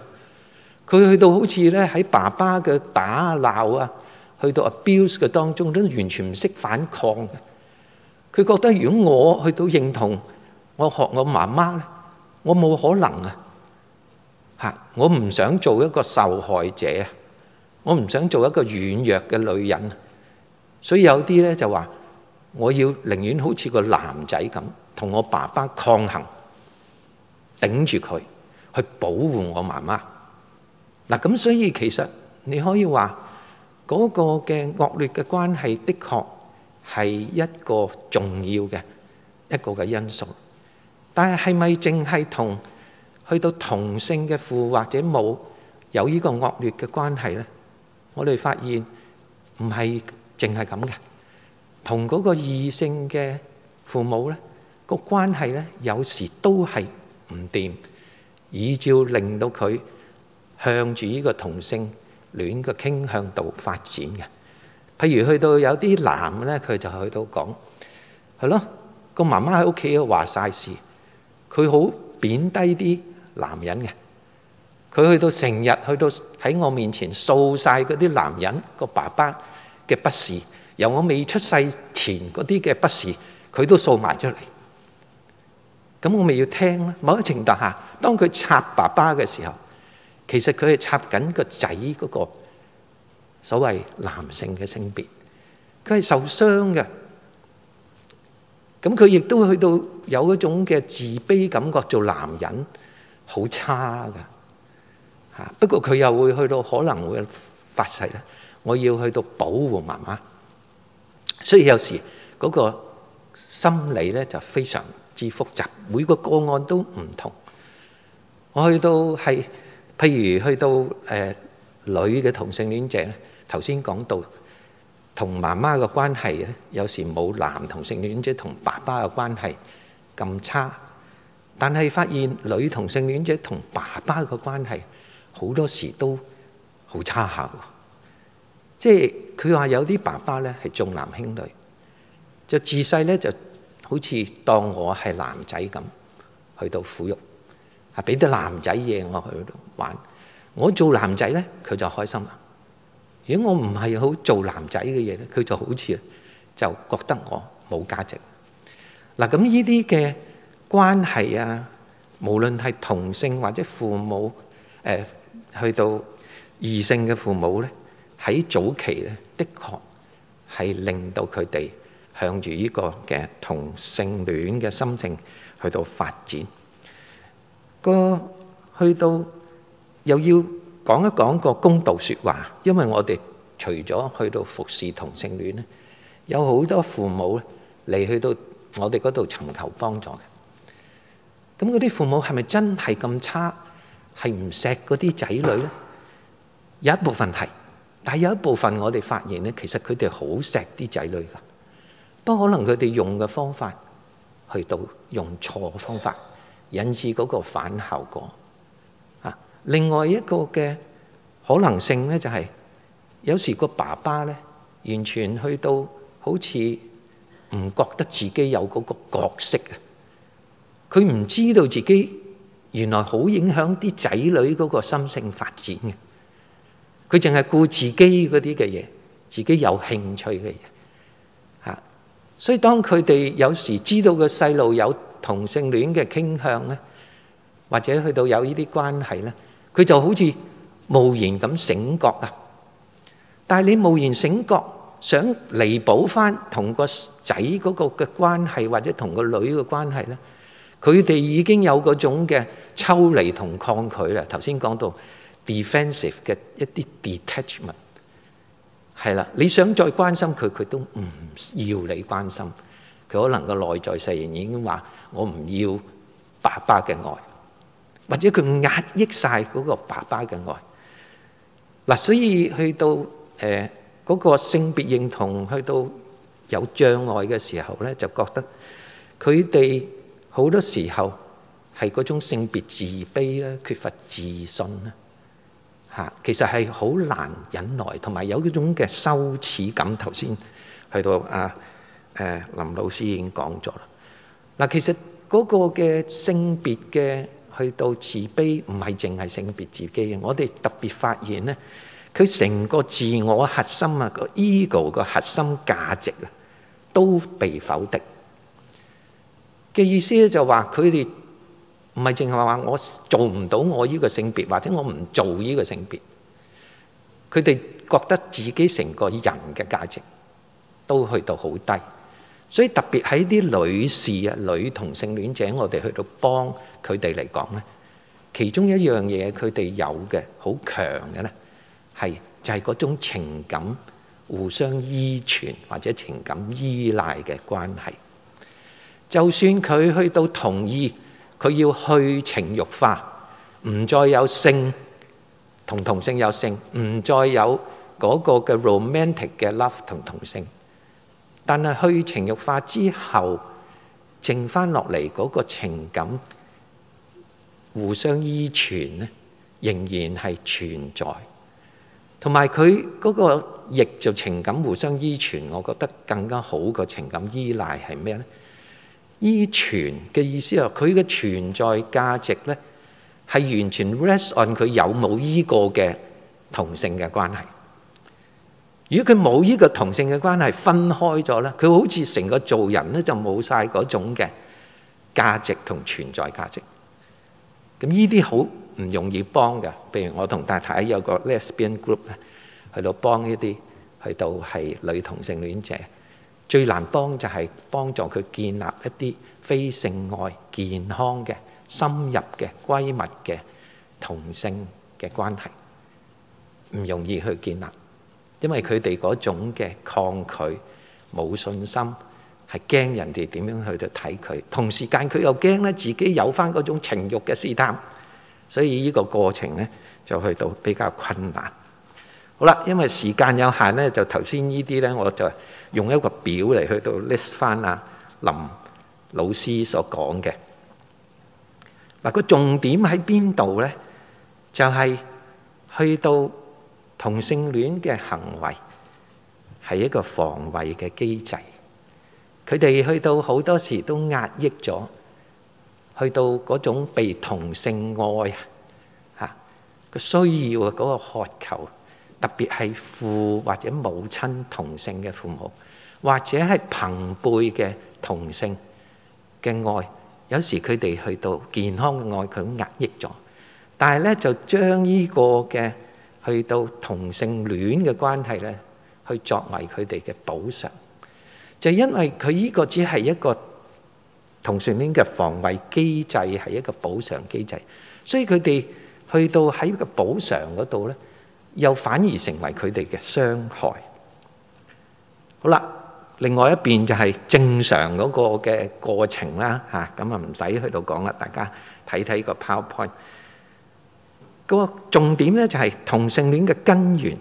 佢去到好似咧喺爸爸嘅打鬧啊，去到啊 abuse 嘅當中，都完全唔識反抗。佢覺得，如果我去到認同我學我媽媽咧，我冇可能啊！嚇，我唔想做一個受害者啊！我唔想做一個軟弱嘅女人。所以有啲咧就話。我要寧願好似個男仔咁，同我爸爸抗衡，頂住佢去保護我媽媽。嗱，咁所以其實你可以話嗰個嘅惡劣嘅關係，的確係一個重要嘅一個嘅因素。但係係咪淨係同去到同性嘅父或者母有呢個惡劣嘅關係咧？我哋發現唔係淨係咁嘅。同嗰個異性嘅父母咧，個關係咧，有時都係唔掂，以照令到佢向住呢個同性戀嘅傾向度發展嘅。譬如去到有啲男咧，佢就去到講，係咯，個媽媽喺屋企啊，話曬事，佢好貶低啲男人嘅，佢去到成日去到喺我面前掃曬嗰啲男人個爸爸嘅不是。由我未出世前嗰啲嘅不是，佢都掃埋出嚟。咁我咪要聽咯。某一程度下，當佢插爸爸嘅時候，其實佢係插緊個仔嗰個所謂男性嘅性別，佢係受傷嘅。咁佢亦都去到有一種嘅自卑感覺，做男人好差嘅。嚇！不過佢又會去到可能會發誓咧，我要去到保護媽媽。所以有時嗰、那個心理咧就非常之複雜，每個個案都唔同。我去到係，譬如去到誒、呃、女嘅同性戀者咧，頭先講到同媽媽嘅關係咧，有時冇男同性戀者同爸爸嘅關係咁差。但係發現女同性戀者同爸爸嘅關係好多時都好差下。即係佢話有啲爸爸咧係重男輕女，就自細咧就好似當我係男仔咁去到撫育，係俾啲男仔嘢我去玩。我做男仔咧，佢就開心啦；如果我唔係好做男仔嘅嘢咧，佢就好似就覺得我冇價值。嗱，咁呢啲嘅關係啊，無論係同性或者父母誒，去到異性嘅父母咧。喺早期咧，的確係令到佢哋向住呢個嘅同性戀嘅心情去到發展。個去到又要講一講個公道説話，因為我哋除咗去到服侍同性戀咧，有好多父母咧嚟去到我哋嗰度尋求幫助嘅。咁嗰啲父母係咪真係咁差？係唔錫嗰啲仔女咧？有一部分係。但係有一部分我哋發現咧，其實佢哋好錫啲仔女噶，不過可能佢哋用嘅方法去到用錯嘅方法，引致嗰個反效果。啊，另外一個嘅可能性咧，就係有時個爸爸咧，完全去到好似唔覺得自己有嗰個角色啊，佢唔知道自己原來好影響啲仔女嗰個心性發展嘅。佢淨係顧自己嗰啲嘅嘢，自己有興趣嘅嘢嚇。所以當佢哋有時知道個細路有同性戀嘅傾向咧，或者去到有呢啲關係咧，佢就好似無言咁醒覺啊！但係你無言醒覺，想彌補返同個仔嗰個嘅關係，或者同個女嘅關係咧，佢哋已經有嗰種嘅抽離同抗拒啦。頭先講到，defensive 嘅一啲 detachment 係啦。你想再關心佢，佢都唔要你關心。佢可能個內在誓言已經話：我唔要爸爸嘅愛，或者佢壓抑曬嗰個爸爸嘅愛嗱。所以去到誒嗰個性別認同去到有障礙嘅時候咧，就覺得佢哋好多時候係嗰種性別自卑啦，缺乏自信啦。其實係好難忍耐，同埋有一種嘅羞恥感。頭先去到啊，誒林老師已經講咗啦。嗱，其實嗰個嘅性別嘅去到自卑，唔係淨係性別自卑嘅。我哋特別發現咧，佢成個自我核心啊，個 ego 嘅核心價值咧，都被否定。嘅意思就話佢哋。唔係淨係話我做唔到我呢個性別，或者我唔做呢個性別，佢哋覺得自己成個人嘅價值都去到好低，所以特別喺啲女士啊、女同性戀者，我哋去到幫佢哋嚟講咧，其中一樣嘢佢哋有嘅好強嘅咧，係就係嗰種情感互相依存或者情感依賴嘅關係，就算佢去到同意。佢要去情欲化，唔再有性同同性有性，唔再有嗰個嘅 romantic 嘅 love 同同性。但係去情欲化之後，剩翻落嚟嗰個情感互相依存咧，仍然係存在。同埋佢嗰個亦做情感互相依存，我覺得更加好嘅情感依賴係咩咧？依存嘅意思係，佢嘅存在價值咧，係完全 rest on 佢有冇依個嘅同性嘅關係。如果佢冇依個同性嘅關係分開咗咧，佢好似成個做人咧就冇晒嗰種嘅價值同存在價值。咁呢啲好唔容易幫㗎，譬如我同太太有個 lesbian group 咧，去到幫依啲去到係女同性戀者。最難幫就係幫助佢建立一啲非性愛健康嘅深入嘅閨蜜嘅同性嘅關係，唔容易去建立，因為佢哋嗰種嘅抗拒、冇信心，係驚人哋點樣去到睇佢。同時間佢又驚咧自己有翻嗰種情慾嘅試探，所以呢個過程咧就去到比較困難。好啦，因為時間有限咧，就頭先呢啲咧，我就用一個表嚟去到 list 翻啊林老師所講嘅。嗱，個重點喺邊度咧？就係去到同性戀嘅行為係一個防衞嘅機制。佢哋去到好多時都壓抑咗，去到嗰種被同性愛啊個需要嘅嗰個渴求。特別係父或者母親同性嘅父母，或者係朋輩嘅同性嘅愛，有時佢哋去到健康嘅愛，佢壓抑咗。但係咧，就將呢個嘅去到同性戀嘅關係咧，去作為佢哋嘅補償。就因為佢呢個只係一個同性戀嘅防衛機制，係一個補償機制，所以佢哋去到喺個補償嗰度咧。又反而成為佢哋嘅傷害。好啦，另外一邊就係正常嗰個嘅過程啦，嚇咁啊，唔使去到講啦，大家睇睇個 PowerPoint。個重點咧就係同性戀嘅根源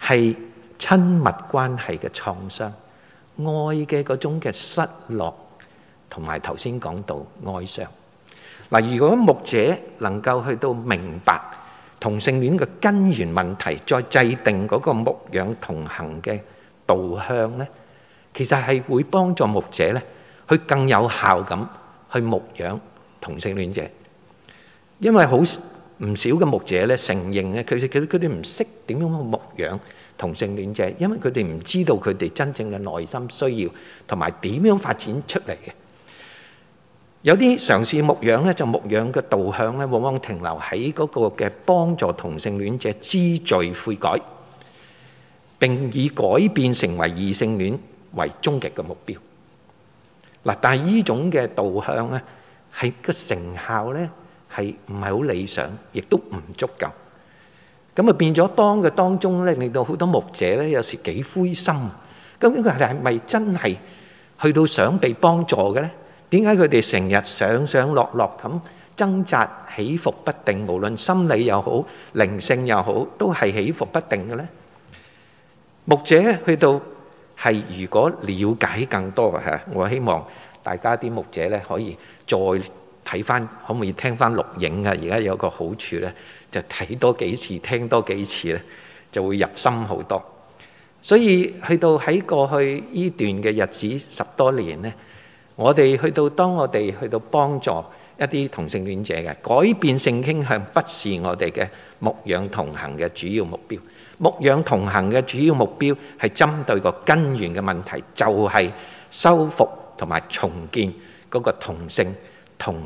係親密關係嘅創傷、愛嘅嗰種嘅失落，同埋頭先講到哀傷。嗱，如果牧者能夠去到明白，同性戀嘅根源問題再制定嗰個牧養同行嘅導向呢，其實係會幫助牧者呢去更有效咁，去牧養同性戀者。因為好唔少嘅牧者呢承認呢，佢哋佢哋唔識點樣去牧養同性戀者，因為佢哋唔知道佢哋真正嘅內心需要同埋點樣發展出嚟嘅。有啲嘗試牧養咧，就牧養嘅導向咧，往往停留喺嗰個嘅幫助同性戀者知罪悔改，並以改變成為異性戀為終極嘅目標。嗱，但係呢種嘅導向咧，係個成效咧，係唔係好理想，亦都唔足夠。咁啊，變咗當嘅當中咧，令到好多牧者咧，有時幾灰心。究竟佢係咪真係去到想被幫助嘅咧？點解佢哋成日上上落落咁掙扎，起伏不定？無論心理又好、靈性又好，都係起伏不定嘅呢。牧者去到係如果了解更多吓，我希望大家啲牧者咧可以再睇翻，可唔可以聽翻錄影啊？而家有個好處咧，就睇多幾次，聽多幾次咧，就會入心好多。所以去到喺過去呢段嘅日子十多年咧。我哋去到，當我哋去到幫助一啲同性戀者嘅改變性傾向，不是我哋嘅牧養同行嘅主要目標。牧養同行嘅主要目標係針對個根源嘅問題，就係修復同埋重建嗰個同性同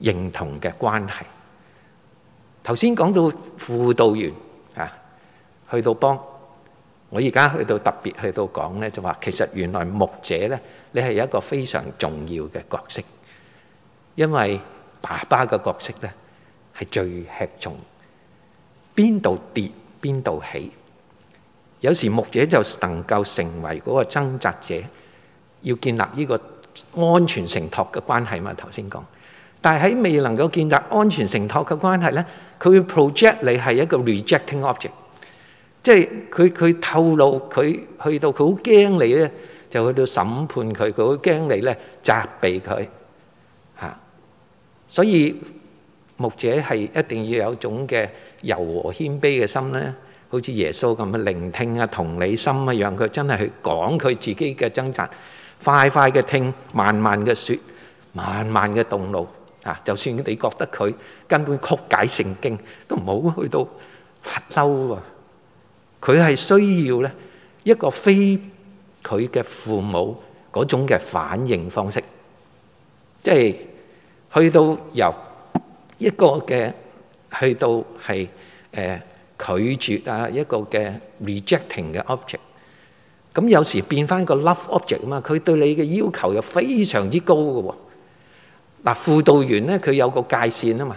認同嘅關係。頭先講到輔導員啊，去到幫。我而家去到特別去到講咧，就話其實原來牧者咧，你係一個非常重要嘅角色，因為爸爸嘅角色咧係最吃重，邊度跌邊度起。有時牧者就能夠成為嗰個掙扎者，要建立呢個安全承托嘅關係嘛。頭先講，但係喺未能夠建立安全承托嘅關係咧，佢會 project 你係一個 rejecting object。即係佢佢，透露佢去到佢好驚你咧，就去到審判佢，佢好驚你咧責備佢嚇。所以牧者係一定要有種嘅柔和謙卑嘅心咧，好似耶穌咁嘅聆聽啊、同理心啊，讓佢真係去講佢自己嘅掙扎，快快嘅聽，慢慢嘅説，慢慢嘅動怒嚇。就算你覺得佢根本曲解聖經，都唔好去到發嬲喎。佢係需要咧一個非佢嘅父母嗰種嘅反應方式，即係去到由一個嘅去到係誒拒絕啊一個嘅 rejecting 嘅 object，咁有時變翻個 love object 嘛，佢對你嘅要求又非常之高嘅喎。嗱，輔導員咧佢有個界線啊嘛，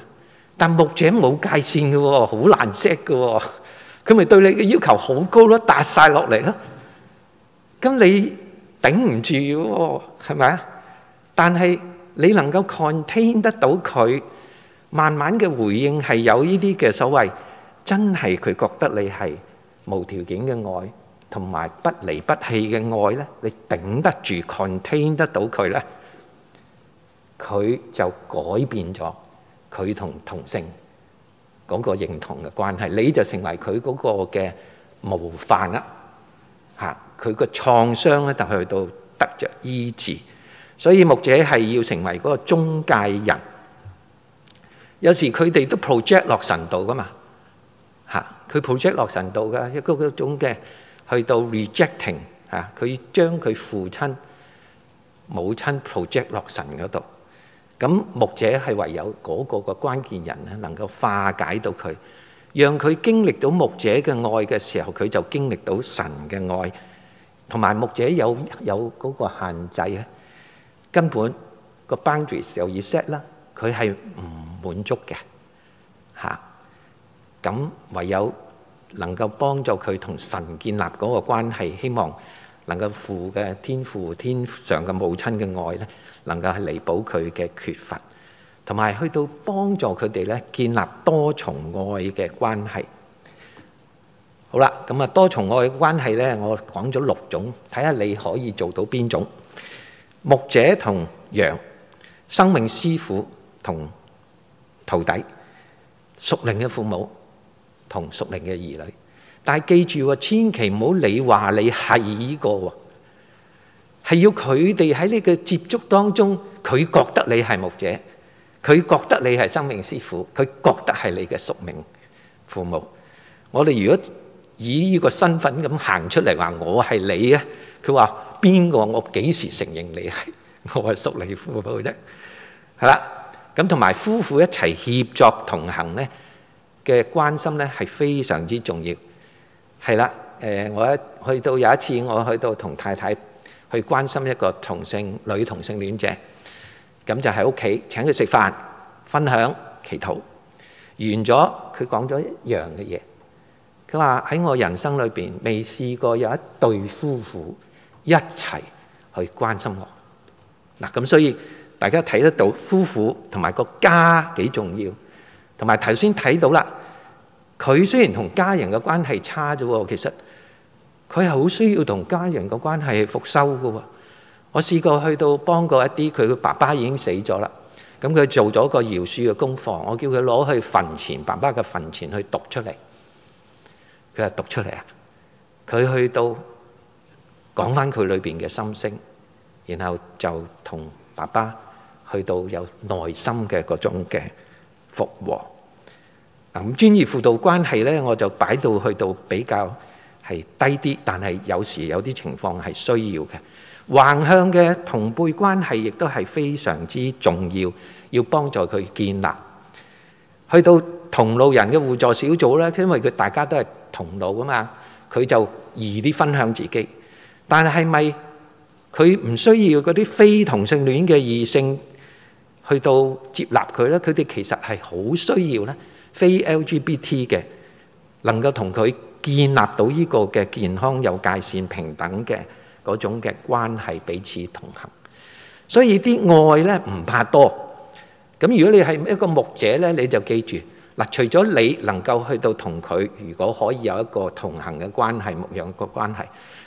但牧者冇界線嘅喎，好難 set 嘅喎。佢咪對你嘅要求好高咯，達曬落嚟咯。咁你頂唔住喎，係咪啊？但係你能夠 contain 得到佢，慢慢嘅回應係有呢啲嘅所謂真係佢覺得你係無條件嘅愛，同埋不離不棄嘅愛咧。你頂得住，contain 得到佢咧，佢就改變咗佢同同性。嗰個認同嘅關係，你就成為佢嗰個嘅模範啦。嚇，佢個創傷咧就去到得著醫治，所以牧者係要成為嗰個中介人。有時佢哋都 project 落神度㗎嘛。嚇，佢 project 落神度㗎，一個一種嘅去到 rejecting 嚇，佢將佢父親、母親 project 落神嗰度。咁牧者係唯有嗰個個關鍵人咧，能夠化解到佢，讓佢經歷到牧者嘅愛嘅時候，佢就經歷到神嘅愛。同埋牧者有有嗰個限制咧，根本個 boundary 又 reset 啦，佢係唔滿足嘅嚇。咁唯有能夠幫助佢同神建立嗰個關係，希望。能夠父嘅天父天上嘅母親嘅愛咧，能夠係彌補佢嘅缺乏，同埋去到幫助佢哋咧建立多重愛嘅關係。好啦，咁啊多重愛嘅關係咧，我講咗六種，睇下你可以做到邊種。牧者同羊，生命師傅同徒弟，屬靈嘅父母同屬靈嘅兒女。但係記住喎，千祈唔好理話你係呢個喎，係要佢哋喺呢個接觸當中，佢覺得你係牧者，佢覺得你係生命師傅，佢覺得係你嘅屬命父母。我哋如果以呢個身份咁行出嚟話我係你咧，佢話邊個？我幾時承認你係我係屬你父母啫？係啦，咁同埋夫婦一齊協作同行咧嘅關心咧係非常之重要。係啦，誒，我去到有一次，我去到同太太去關心一個同性女同性戀者，咁就喺屋企請佢食飯，分享祈禱。完咗，佢講咗一樣嘅嘢，佢話喺我人生裏邊未試過有一對夫婦一齊去關心我。嗱，咁所以大家睇得到夫婦同埋個家幾重要，同埋頭先睇到啦。佢雖然同家人嘅關係差咗，其實，嗱，咁專業輔導關係咧，我就擺到去到比較係低啲，但係有時有啲情況係需要嘅。橫向嘅同輩關係亦都係非常之重要，要幫助佢建立。去到同路人嘅互助小組咧，因為佢大家都係同路啊嘛，佢就易啲分享自己。但係咪佢唔需要嗰啲非同性戀嘅異性去到接納佢咧？佢哋其實係好需要咧。非 LGBT 嘅，能夠同佢建立到呢個嘅健康有界線平等嘅嗰種嘅關係，彼此同行。所以啲愛咧唔怕多。咁如果你係一個牧者咧，你就記住嗱，除咗你能夠去到同佢，如果可以有一個同行嘅關係，牧養嘅關係，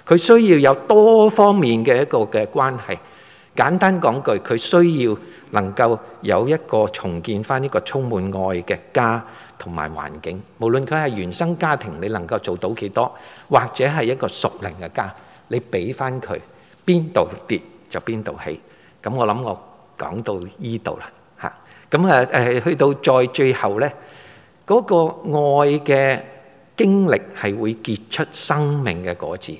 佢需要有多方面嘅一個嘅關係。簡單講句，佢需要能夠有一個重建翻呢個充滿愛嘅家。同埋環境，無論佢係原生家庭，你能夠做到幾多，或者係一個屬靈嘅家，你俾翻佢邊度跌就邊度起。咁我諗我講到依度啦嚇。咁啊，誒，去到在最後咧，嗰個愛嘅經歷係會結出生命嘅果子，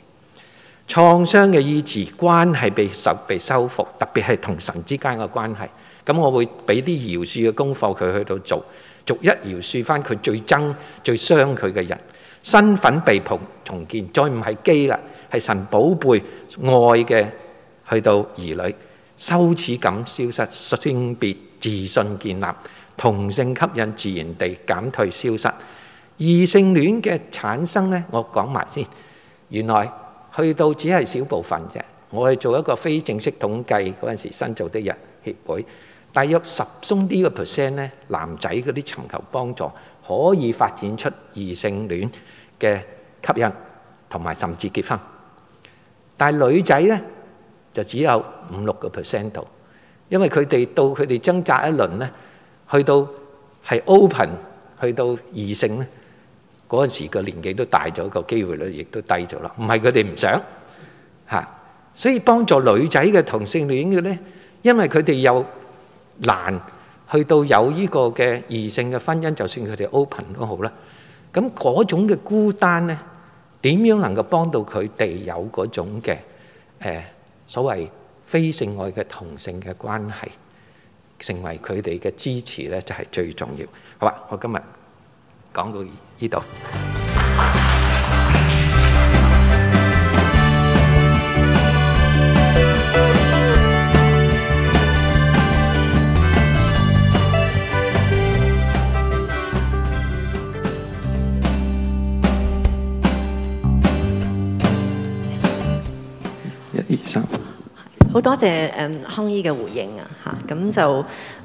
創傷嘅意志關係被受被修復，特別係同神之間嘅關係。咁我會俾啲饒恕嘅功課佢去到做。逐一饒恕翻佢最憎、最傷佢嘅人，身份被破重建，再唔係基啦，係神寶貝愛嘅，去到兒女羞恥感消失，性別自信建立，同性吸引自然地減退消失，異性戀嘅產生呢？我講埋先。原來去到只係小部分啫，我去做一個非正式統計嗰陣時新造的人協會。大約十鬆啲個 percent 咧，男仔嗰啲尋求幫助可以發展出異性戀嘅吸引，同埋甚至結婚。但係女仔咧就只有五六個 percent 度，因為佢哋到佢哋掙扎一輪咧，去到係 open 去到異性咧嗰陣時個年紀都大咗，個機會率亦都低咗啦。唔係佢哋唔想嚇，所以幫助女仔嘅同性戀嘅咧，因為佢哋又。難去到有呢個嘅異性嘅婚姻，就算佢哋 open 都好啦。咁嗰種嘅孤單呢，點樣能夠幫到佢哋有嗰種嘅誒所謂非性愛嘅同性嘅關係，成為佢哋嘅支持呢，就係最重要。好啊，我今日講到呢度。二三，好 3. 多謝誒康醫嘅回應啊！嚇，咁就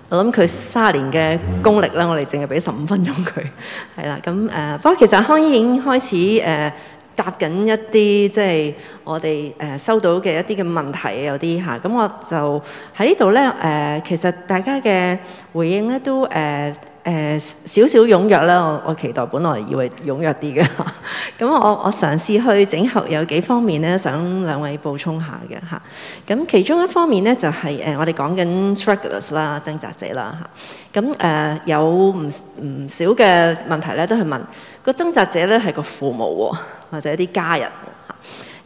我諗佢卅年嘅功力啦，我哋淨係俾十五分鐘佢，係啦。咁誒，不過其實康醫已經開始誒、啊、答緊一啲即係我哋誒、啊、收到嘅一啲嘅問題有啲嚇，咁、啊、我就喺呢度咧誒，其實大家嘅回應咧都誒。啊誒、uh, 少少踴躍啦，我我期待，本來以為踴躍啲嘅。咁我我嘗試去整合有幾方面咧，想兩位補充下嘅嚇。咁 其中一方面咧就係、是、誒、呃、我哋講緊 strugglers 啦，掙扎者啦嚇。咁 誒、呃、有唔唔少嘅問題咧，都係問、那個掙扎者咧係個父母或者一啲家人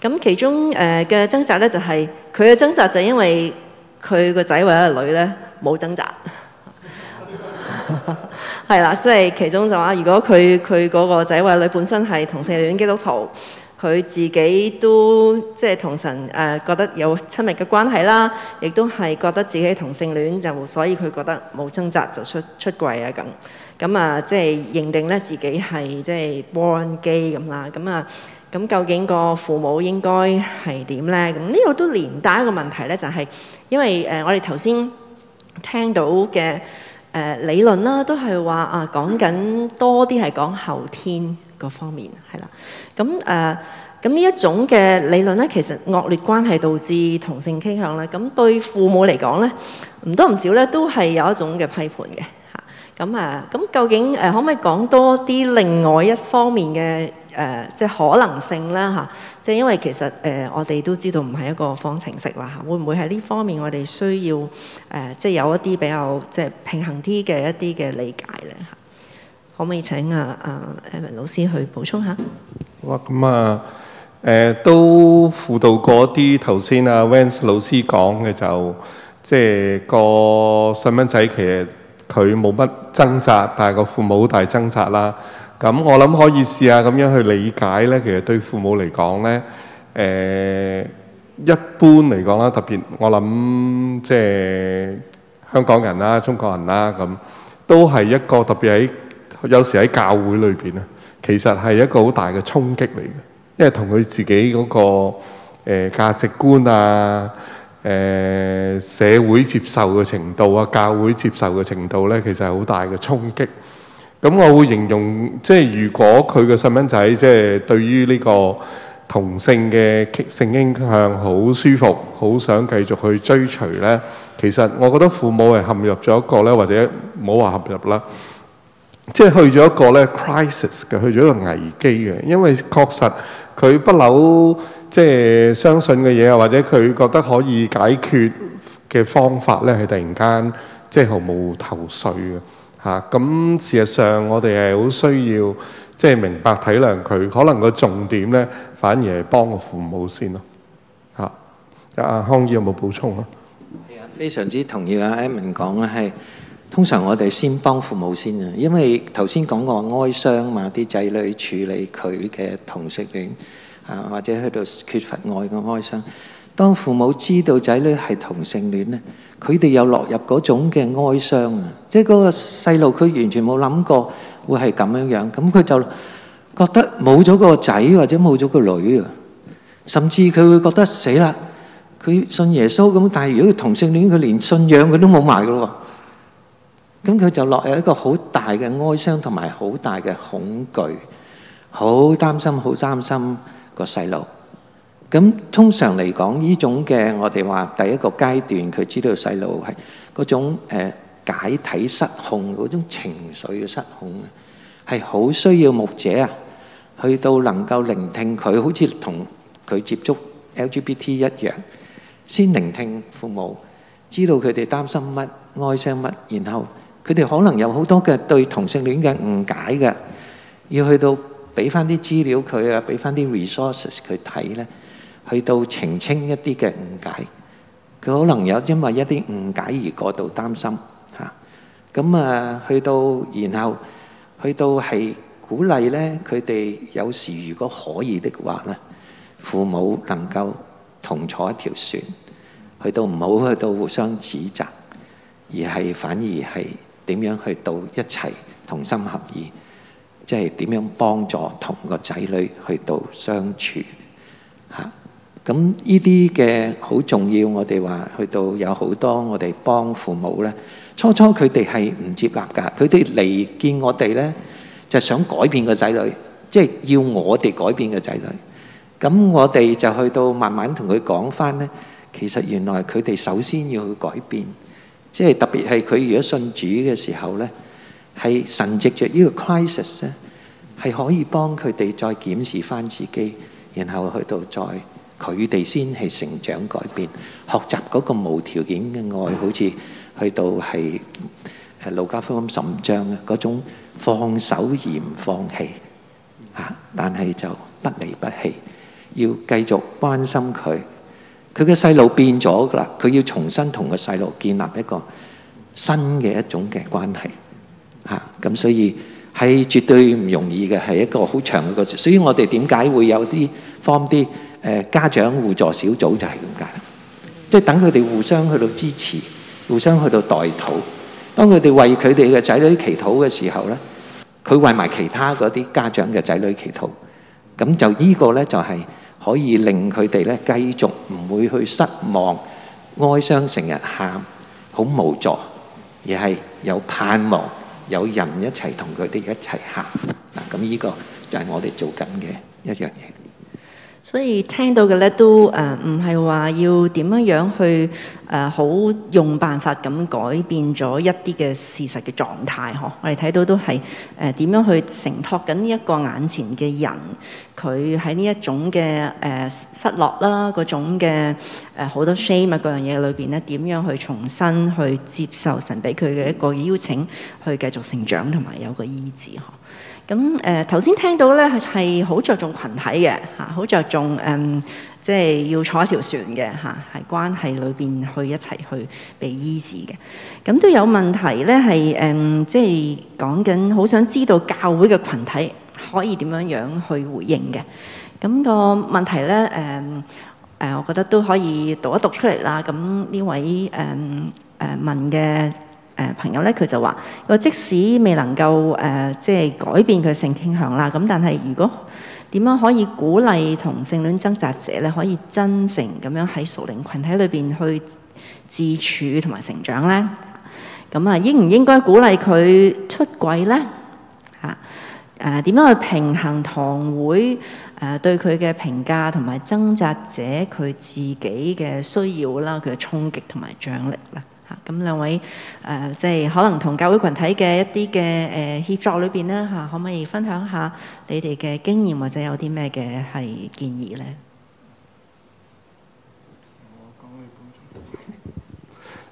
嚇。咁 其中誒嘅掙扎咧就係佢嘅掙扎就因為佢個仔或者個女咧冇掙扎。 係啦，即係其中就話、是，如果佢佢嗰個仔或女本身係同性戀基督徒，佢自己都即係同神誒、呃、覺得有親密嘅關係啦，亦都係覺得自己同性戀就，所以佢覺得冇掙扎就出出櫃啊咁，咁啊即係認定咧自己係即係 born gay 咁啦，咁啊咁究竟個父母應該係點咧？咁呢、這個都連帶一個問題咧、就是，就係因為誒、呃、我哋頭先聽到嘅。誒理論啦，都係話啊，講緊多啲係講後天嗰方面係啦。咁誒咁呢一種嘅理論咧，其實惡劣關係導致同性傾向咧，咁、嗯、對父母嚟講咧，唔多唔少咧都係有一種嘅批判嘅嚇。咁、嗯、啊，咁、嗯嗯、究竟誒可唔可以講多啲另外一方面嘅？誒、呃，即係可能性啦嚇，即、啊、係因為其實誒、呃，我哋都知道唔係一個方程式啦嚇、啊。會唔會喺呢方面我哋需要誒、呃，即係有一啲比較即係平衡啲嘅一啲嘅理解咧嚇？可唔可以請啊啊 Emily 老師去補充下？哇，咁啊，誒、呃、都輔導過啲頭先阿 Vance 老師講嘅就即係、個細蚊仔其實佢冇乜掙扎，但係個父母好大掙扎啦。咁我諗可以試下咁樣去理解呢。其實對父母嚟講呢，誒一般嚟講啦，特別我諗即係香港人啦、中國人啦，咁都係一個特別喺有時喺教會裏邊啊，其實係一個好大嘅衝擊嚟嘅，因為同佢自己嗰個誒價值觀啊、誒社會接受嘅程度啊、教會接受嘅程度呢，其實係好大嘅衝擊。咁我會形容，即係如果佢個細蚊仔即係對於呢個同性嘅性傾向好舒服，好想繼續去追隨咧，其實我覺得父母係陷入咗一個咧，或者唔好話陷入啦，即係去咗一個咧 crisis 嘅，去咗一個危機嘅，因為確實佢不嬲即係相信嘅嘢啊，或者佢覺得可以解決嘅方法咧，係突然間即係毫無頭緒嘅。嚇咁、嗯、事實上，我哋係好需要即係明白體諒佢，可能個重點咧反而係幫個父母先咯。嚇、嗯、阿康姨有冇補充啊？係啊，非常之同意阿 Amin 講咧，係通常我哋先幫父母先啊，因為頭先講過哀傷嘛，啲仔女處理佢嘅同性戀啊，或者喺度缺乏愛嘅哀傷。當父母知道仔女係同性戀咧，佢哋又落入嗰種嘅哀傷啊！即係嗰個細路，佢完全冇諗過會係咁樣樣，咁佢就覺得冇咗個仔或者冇咗個女啊！甚至佢會覺得死啦！佢信耶穌咁，但係如果同性戀，佢連信仰佢都冇埋噶咯喎！咁佢就落入一個好大嘅哀傷同埋好大嘅恐懼，好擔心，好擔心，好擔心個細路。咁通常嚟講，呢種嘅我哋話第一個階段，佢知道細路係嗰種誒解體失控嗰種情緒嘅失控啊，係好需要牧者啊，去到能夠聆聽佢，好似同佢接觸 LGBT 一樣，先聆聽父母，知道佢哋擔心乜、哀傷乜，然後佢哋可能有好多嘅對同性戀嘅誤解嘅，要去到俾翻啲資料佢啊，俾翻啲 resources 佢睇咧。去到澄清一啲嘅誤解，佢可能有因為一啲誤解而過度擔心嚇。咁啊，去到然後去到係鼓勵咧，佢哋有時如果可以的話咧，父母能夠同坐一條船，去到唔好去到互相指責，而係反而係點樣去到一齊同心合意，即係點樣幫助同個仔女去到相處。咁依啲嘅好重要，我哋話去到有好多我哋幫父母咧。初初佢哋係唔接納㗎，佢哋嚟見我哋咧就想改變個仔女，即係要我哋改變個仔女。咁我哋就去到慢慢同佢講翻咧，其實原來佢哋首先要去改變，即係特別係佢如果信主嘅時候咧，係神藉著呢個 crisis 咧，係可以幫佢哋再檢視翻自己，然後去到再。佢哋先係成長、改變、學習嗰個無條件嘅愛，好似去到係誒盧家輝咁神張啊，嗰種放手而唔放棄啊，但係就不離不棄，要繼續關心佢。佢嘅細路變咗㗎啦，佢要重新同個細路建立一個新嘅一種嘅關係嚇。咁所以係絕對唔容易嘅，係一個好長嘅過程。所以我哋點解會有啲方啲？誒家長互助小組就係咁解，即係等佢哋互相去到支持，互相去到代禱。當佢哋為佢哋嘅仔女祈禱嘅時候呢，佢為埋其他嗰啲家長嘅仔女祈禱。咁就呢個呢，就係、是、可以令佢哋呢繼續唔會去失望、哀傷、成日喊、好無助，而係有盼望，有人一齊同佢哋一齊喊。嗱，咁呢個就係我哋做緊嘅一樣嘢。所以聽到嘅咧都誒唔係話要點樣樣去、呃、好用辦法咁改變咗一啲嘅事實嘅狀態呵，我哋睇到都係誒點樣去承托緊呢一個眼前嘅人，佢喺呢一種嘅、呃、失落啦嗰種嘅好、呃、多 shame 嗰、啊、樣嘢裏面咧，點樣去重新去接受神俾佢嘅一個邀請，去繼續成長，同埋有個醫治。咁誒頭先聽到咧係好着重群體嘅嚇，好、啊、着重誒，即、嗯、係、就是、要坐一條船嘅嚇，係、啊、關係裏邊去一齊去被醫治嘅。咁都有問題咧，係誒，即、嗯、係、就是、講緊好想知道教會嘅群體可以點樣樣去回應嘅。咁、那個問題咧誒誒，我覺得都可以讀一讀出嚟啦。咁呢位誒誒問嘅。嗯呃誒朋友咧，佢就話，個即使未能夠誒、呃，即係改變佢性傾向啦。咁但係，如果點樣可以鼓勵同性戀掙扎者咧，可以真誠咁樣喺屬靈群體裏邊去自處同埋成長咧？咁啊，應唔應該鼓勵佢出櫃咧？嚇、啊、誒，點樣去平衡堂會誒、啊、對佢嘅評價同埋掙扎者佢自己嘅需要啦？佢嘅衝擊同埋張力咧？咁兩位誒，即、呃、係、就是，可能同教會群體嘅一啲嘅誒協作裏邊咧，嚇、啊、可唔可以分享下你哋嘅經驗或者有啲咩嘅係建議咧？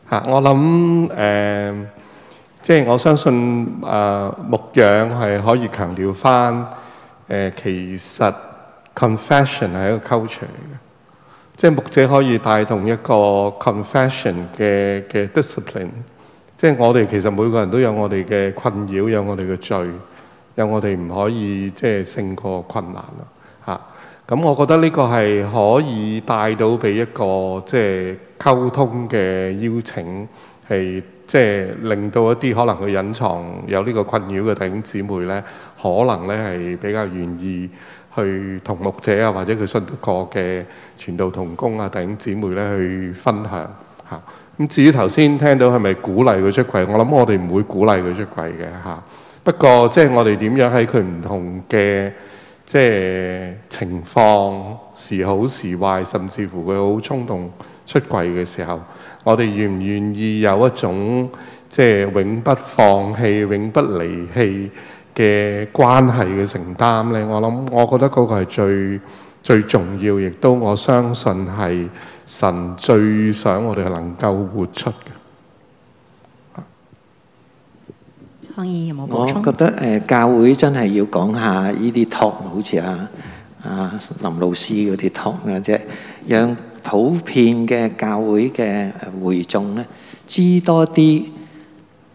嚇！我諗誒，即、就、係、是、我相信誒、呃、牧養係可以強調翻誒，其實 confession 係一個 culture 嚟嘅。即係牧者可以帶動一個 confession 嘅嘅 discipline，即係我哋其實每個人都有我哋嘅困擾，有我哋嘅罪，有我哋唔可以即係勝過困難咯嚇。咁、啊、我覺得呢個係可以帶到俾一個即係溝通嘅邀請，係即係令到一啲可能佢隱藏有呢個困擾嘅弟兄姊妹咧，可能咧係比較願意。去同牧者啊，或者佢信過嘅傳道同工啊、弟兄姊妹咧去分享吓。咁、啊、至於頭先聽到係咪鼓勵佢出櫃，我諗我哋唔會鼓勵佢出櫃嘅吓。不過即係我哋點樣喺佢唔同嘅即係情況時好時壞，甚至乎佢好衝動出櫃嘅時候，我哋願唔願意有一種即係永不放棄永不離棄嘅關係嘅承擔呢，我諗，我覺得嗰個係最最重要，亦都我相信係神最想我哋係能夠活出嘅。我覺得誒，教會真係要講下呢啲 talk，好似啊啊林老師嗰啲 talk 嘅啫，讓普遍嘅教會嘅會眾呢，知多啲。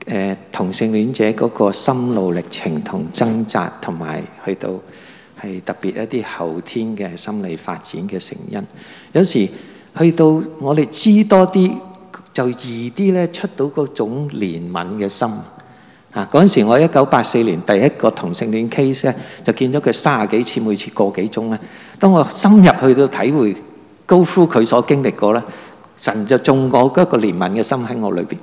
誒，同性戀者嗰個心路歷程同掙扎，同埋去到係特別一啲後天嘅心理發展嘅成因。有時去到我哋知多啲，就易啲咧出到嗰種憐憫嘅心。啊，嗰陣時我一九八四年第一個同性戀 case 咧，就見咗佢三十幾次，每次個幾鐘咧。當我深入去到體會高呼佢所經歷過咧，神就種過嗰個憐憫嘅心喺我裏邊。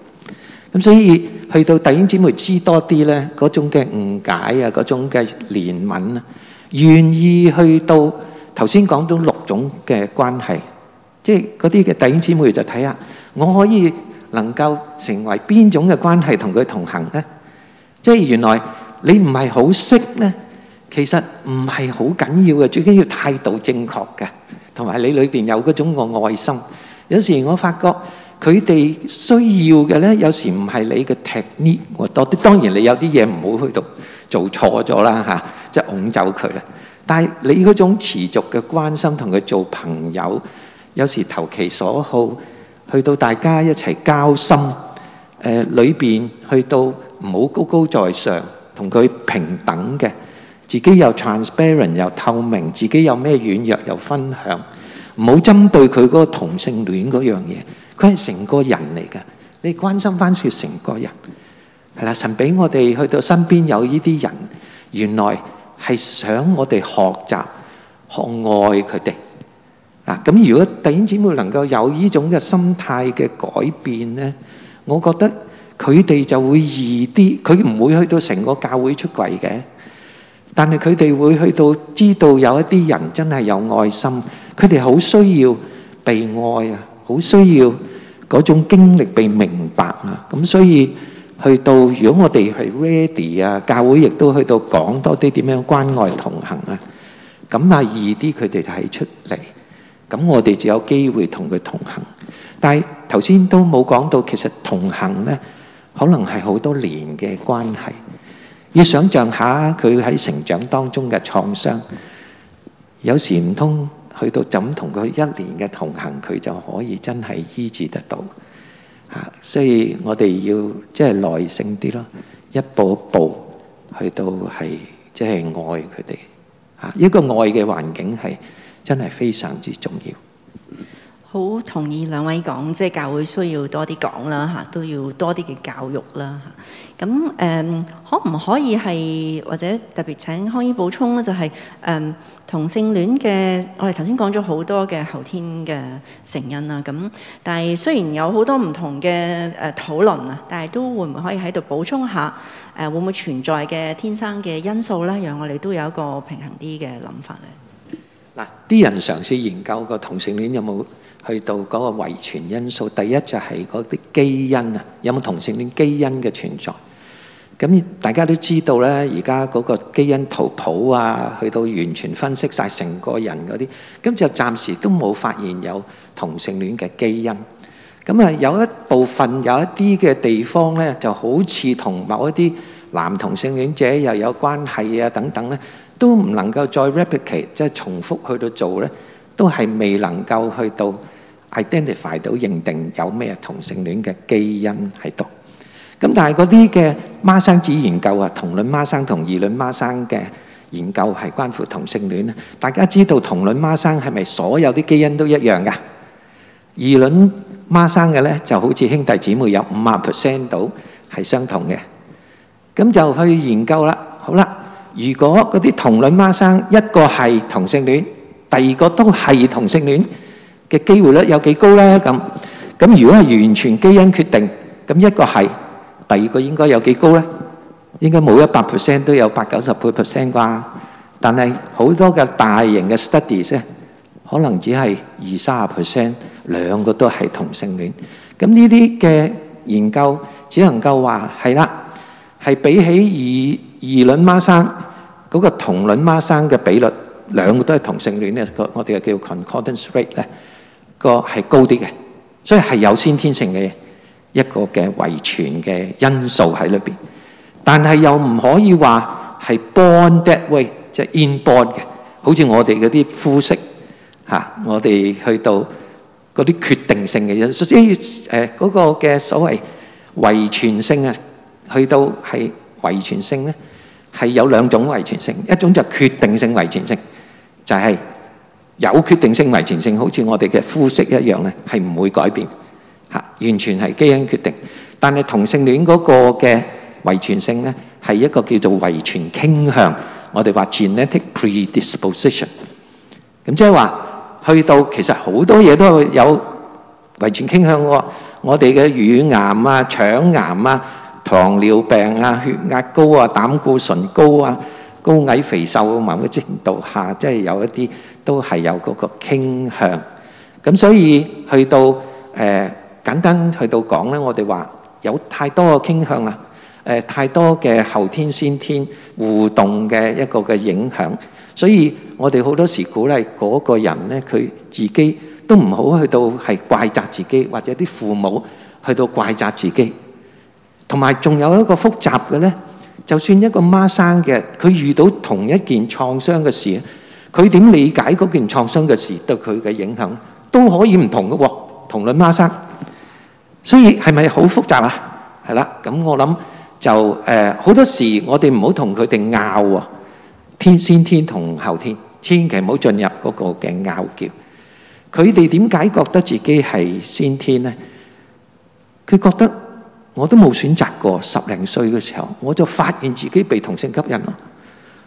咁所以去到弟兄姊妹知多啲呢，嗰種嘅誤解啊，嗰種嘅憐憫啊，願意去到頭先講到六種嘅關係，即係嗰啲嘅弟兄姊妹就睇下，我可以能夠成為邊種嘅關係同佢同行呢？即係原來你唔係好識呢，其實唔係好緊要嘅，最緊要態度正確嘅，同埋你裏邊有嗰種嘅愛心。有時我發覺。佢哋需要嘅呢，有時唔係你嘅 technique 我多啲。當然你有啲嘢唔好去到做錯咗啦，嚇、啊，即係拱走佢啦。但係你嗰種持續嘅關心，同佢做朋友，有時投其所好，去到大家一齊交心。誒裏邊去到唔好高高在上，同佢平等嘅，自己又 transparent 又透明，自己有咩軟弱又分享，唔好針對佢嗰個同性戀嗰樣嘢。佢係成個人嚟嘅，你關心翻嗮成個人，係啦。神俾我哋去到身邊有依啲人，原來係想我哋學習學愛佢哋。啊，咁如果弟兄姊妹能夠有依種嘅心態嘅改變咧，我覺得佢哋就會易啲，佢唔會去到成個教會出櫃嘅。但係佢哋會去到知道有一啲人真係有愛心，佢哋好需要被愛啊！好需要嗰種經歷被明白啊！咁所以去到，如果我哋係 ready 啊，教會亦都去到講多啲點樣關愛同行啊，咁啊易啲佢哋睇出嚟，咁我哋就有機會同佢同行。但係頭先都冇講到，其實同行呢，可能係好多年嘅關係。要想象下佢喺成長當中嘅創傷，有時唔通。去到噉同佢一年嘅同行，佢就可以真係醫治得到嚇。所以我哋要即係耐性啲咯，一步一步去到係即係愛佢哋嚇。一個愛嘅環境係真係非常之重要。好同意兩位講，即係教會需要多啲講啦嚇，都要多啲嘅教育啦嚇。咁誒、嗯，可唔可以係或者特別請康醫補充咧，就係，就係誒同性戀嘅，我哋頭先講咗好多嘅後天嘅成因啦。咁但係雖然有好多唔同嘅誒討論啊，但係都會唔會可以喺度補充下誒會唔會存在嘅天生嘅因素咧？讓我哋都有一個平衡啲嘅諗法咧。嗱，啲人嘗試研究個同性戀有冇？去到嗰個遺傳因素第一就係嗰啲基因啊，有冇同性戀基因嘅存在。大家都知道呢，而家嗰個基因圖譜啊，去到完全分析晒成個人嗰啲，噉就暫時都冇發現有同性戀嘅基因。Identify 到認定有咩同性戀嘅基因喺度，咁但係嗰啲嘅孖生子研究啊，同卵孖生同異卵孖生嘅研究係關乎同性戀啊！大家知道同卵孖生係咪所有啲基因都一樣㗎？異卵孖生嘅咧，就好似兄弟姊妹有五十 percent 到係相同嘅。咁就去研究啦，好啦，如果嗰啲同卵孖生一個係同性戀，第二個都係同性戀，嘅機會率有幾高咧？咁咁如果係完全基因決定，咁一個係，第二個應該有幾高咧？應該冇一百 percent，都有八九十 percent 啩。但係好多嘅大型嘅 studies 咧，可能只係二三十 percent，兩個都係同性戀。咁呢啲嘅研究只能夠話係啦，係比起異卵孖生嗰個同卵孖生嘅比率，兩個都係同性戀咧。個我哋就叫 concordance rate 咧。個係高啲嘅，所以係有先天性嘅一個嘅遺傳嘅因素喺裏邊，但係又唔可以話係 born that way，即係 inborn 嘅。好似我哋嗰啲膚色嚇，我哋去到嗰啲決定性嘅因素，即誒嗰個嘅所謂遺傳性啊，去到係遺傳性咧，係有兩種遺傳性，一種就決定性遺傳性，就係。有決定性、遺傳性，好似我哋嘅膚色一樣咧，係唔會改變嚇，完全係基因決定。但係同性戀嗰個嘅遺傳性咧，係一個叫做遺傳傾向，我哋話 genetic predisposition。咁即係話，去到其實好多嘢都係有遺傳傾向喎。我哋嘅乳癌啊、腸癌啊、糖尿病啊、血壓高啊、膽固醇高啊。高矮肥瘦嘅某個程度下，即係有一啲都係有嗰個傾向。咁所以去到誒簡單去到講咧，我哋話有太多嘅傾向啦，誒太多嘅後天先天互動嘅一個嘅影響。所以我哋好多時鼓勵嗰個人咧，佢自己都唔好去到係怪責自己，或者啲父母去到怪責自己。同埋仲有一個複雜嘅咧。就算一個孖生嘅，佢遇到同一件創傷嘅事，佢點理解嗰件創傷嘅事對佢嘅影響都可以唔同嘅喎，同類孖生。所以係咪好複雜啊？係啦，咁我諗就誒好多時我哋唔好同佢哋拗啊，天先天同後天，千祈唔好進入嗰個嘅拗撬。佢哋點解覺得自己係先天咧？佢覺得。我都冇選擇過，十零歲嘅時候我就發現自己被同性吸引咯。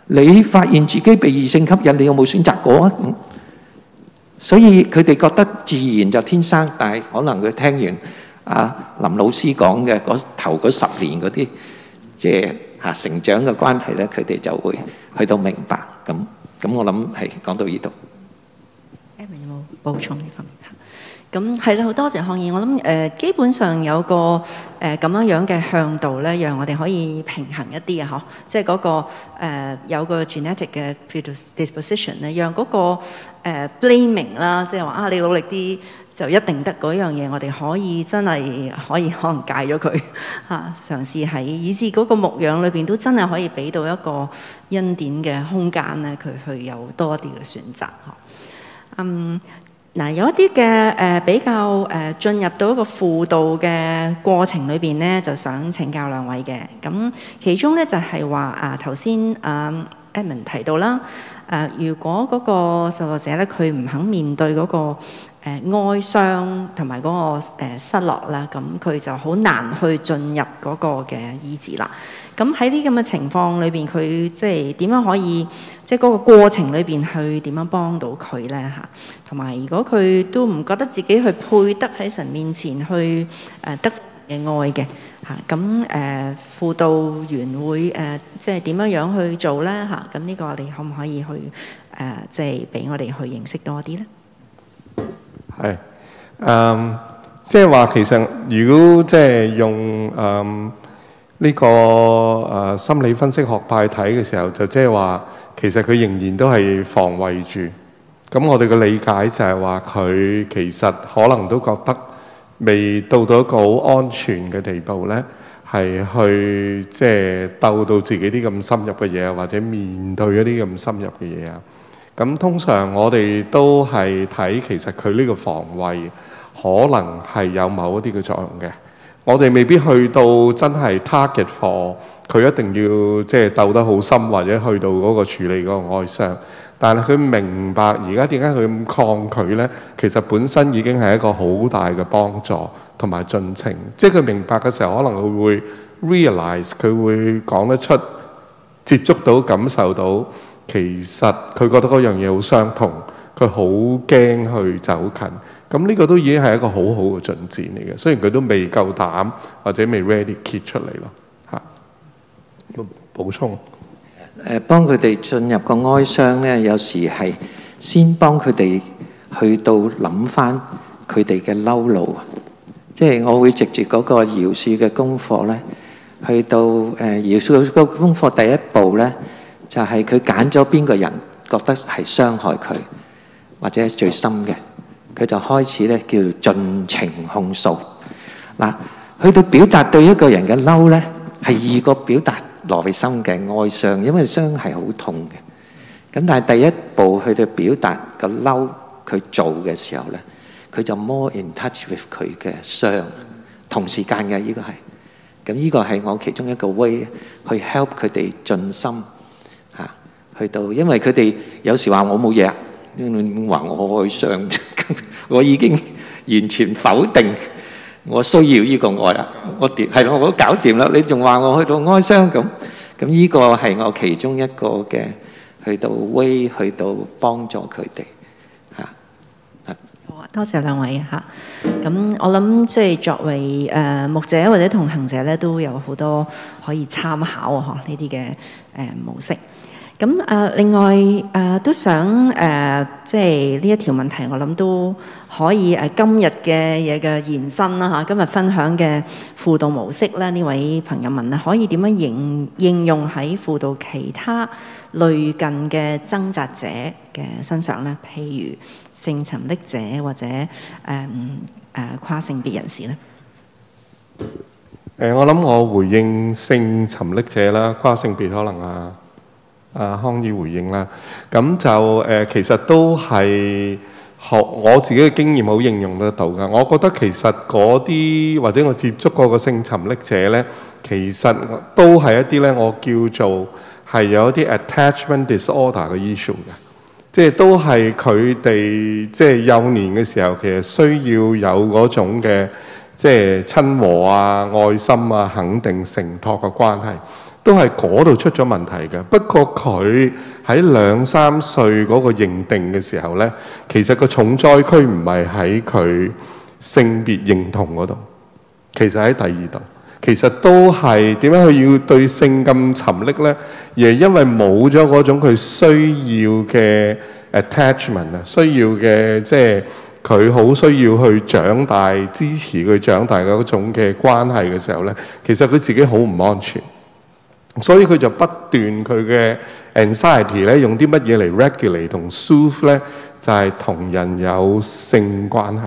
你發現自己被異性吸引，你有冇選擇過啊？咁，所以佢哋覺得自然就天生，但係可能佢聽完阿林老師講嘅嗰頭嗰十年嗰啲，即係嚇成長嘅關係咧，佢哋就會去到明白。咁咁，我諗係講到呢度。Emily 有冇補充呢方面？咁係啦，好、嗯、多謝康議。我諗誒、呃、基本上有個誒咁、呃、樣樣嘅向度咧，讓我哋可以平衡一啲啊，嗬！即係嗰、那個、呃、有個 genetic 嘅 disposition 咧、那個，讓嗰個 blaming 啦，Bl aming, 即係話啊，你努力啲就一定得嗰樣嘢，我哋可以真係可以可能戒咗佢嚇，嘗試喺以至嗰個牧養裏邊都真係可以俾到一個恩典嘅空間咧，佢去有多啲嘅選擇嗬，嗯。Um, 嗱、嗯，有一啲嘅誒比較誒進入到一個輔導嘅過程裏邊咧，就想請教兩位嘅。咁其中咧就係、是、話啊，頭先啊 Edmund 提到啦，誒、啊、如果嗰個受助者咧，佢唔肯面對嗰、那個、呃、哀傷同埋嗰個、呃、失落啦，咁佢就好難去進入嗰個嘅醫治啦。咁喺啲咁嘅情況裏邊，佢即係點樣可以即係嗰個過程裏邊去點樣幫到佢咧？嚇，同埋如果佢都唔覺得自己去配得喺神面前去誒得嘅愛嘅嚇，咁誒、呃、輔導員會誒、呃、即係點樣樣去做咧？嚇、啊，咁呢個你可唔可以去誒、呃、即係俾我哋去認識多啲咧？係，嗯，即係話其實如果即係用嗯。呢、這個誒、呃、心理分析學派睇嘅時候，就即係話，其實佢仍然都係防衞住。咁我哋嘅理解就係話，佢其實可能都覺得未到到一個好安全嘅地步呢，係去即係、就是、鬥到自己啲咁深入嘅嘢，或者面對一啲咁深入嘅嘢啊。咁通常我哋都係睇其實佢呢個防衞，可能係有某一啲嘅作用嘅。我哋未必去到真係 target 貨，佢一定要即係斗得好深，或者去到嗰個處理嗰個外傷。但係佢明白而家點解佢咁抗拒咧？其實本身已經係一個好大嘅幫助同埋進程。即係佢明白嘅時候，可能佢會 realize 佢會講得出，接觸到感受到，其實，佢覺得嗰樣嘢好傷痛，佢好驚去走近。咁呢個都已經係一個好好嘅進展嚟嘅，雖然佢都未夠膽或者未 ready 揭出嚟咯嚇。補充誒，幫佢哋進入個哀傷咧，有時係先幫佢哋去到諗返佢哋嘅嬲路啊。即係我會直接嗰個饒恕嘅功課咧，去到誒饒恕嘅功課第一步咧，就係佢揀咗邊個人覺得係傷害佢或者最深嘅。佢就開始咧，叫做盡情控訴。嗱，去到表達對一個人嘅嬲咧，係易過表達內心嘅哀傷，因為傷係好痛嘅。咁但係第一步去到表達個嬲，佢做嘅時候咧，佢就 more in touch with 佢嘅傷，同時間嘅呢個係。咁呢個係我其中一個 way 去 help 佢哋盡心嚇，去到因為佢哋有時話我冇嘢。因為你話我哀傷，我已經完全否定我需要呢個愛啦。我掂係咯，我搞掂啦。你仲話我去到哀傷咁？咁呢個係我其中一個嘅去到威，去到幫助佢哋嚇。係好啊，多謝兩位嚇。咁我諗即係作為誒牧者或者同行者咧，都有好多可以參考啊！嗬，呢啲嘅誒模式。咁誒、嗯，另外誒、呃、都想誒、呃，即係呢一條問題，我諗都可以誒、呃，今日嘅嘢嘅延伸啦嚇，今日分享嘅輔導模式咧，呢位朋友問啊，可以點樣應應用喺輔導其他類近嘅掙扎者嘅身上咧？譬如性沉溺者或者誒誒、呃呃、跨性別人士咧？誒、呃，我諗我回應性沉溺者啦，跨性別可能啊。啊，康姨回應啦，咁就誒、呃，其實都係學我自己嘅經驗，好應用得到㗎。我覺得其實嗰啲或者我接觸過個性沉溺者咧，其實都係一啲咧，我叫做係有一啲 attachment disorder 嘅 issue 嘅，即係都係佢哋即係幼年嘅時候，其實需要有嗰種嘅即係親和啊、愛心啊、肯定承托嘅關係。都係嗰度出咗問題嘅。不過佢喺兩三歲嗰個認定嘅時候呢，其實個重災區唔係喺佢性別認同嗰度，其實喺第二度。其實都係點樣？佢要對性咁沉溺呢？而係因為冇咗嗰種佢需要嘅 attachment 啊，需要嘅即係佢好需要去長大、支持佢長大嗰種嘅關係嘅時候呢，其實佢自己好唔安全。所以佢就不斷佢嘅 anxiety 咧，用啲乜嘢嚟 regulate 同 soothe 咧，就係同人有性關係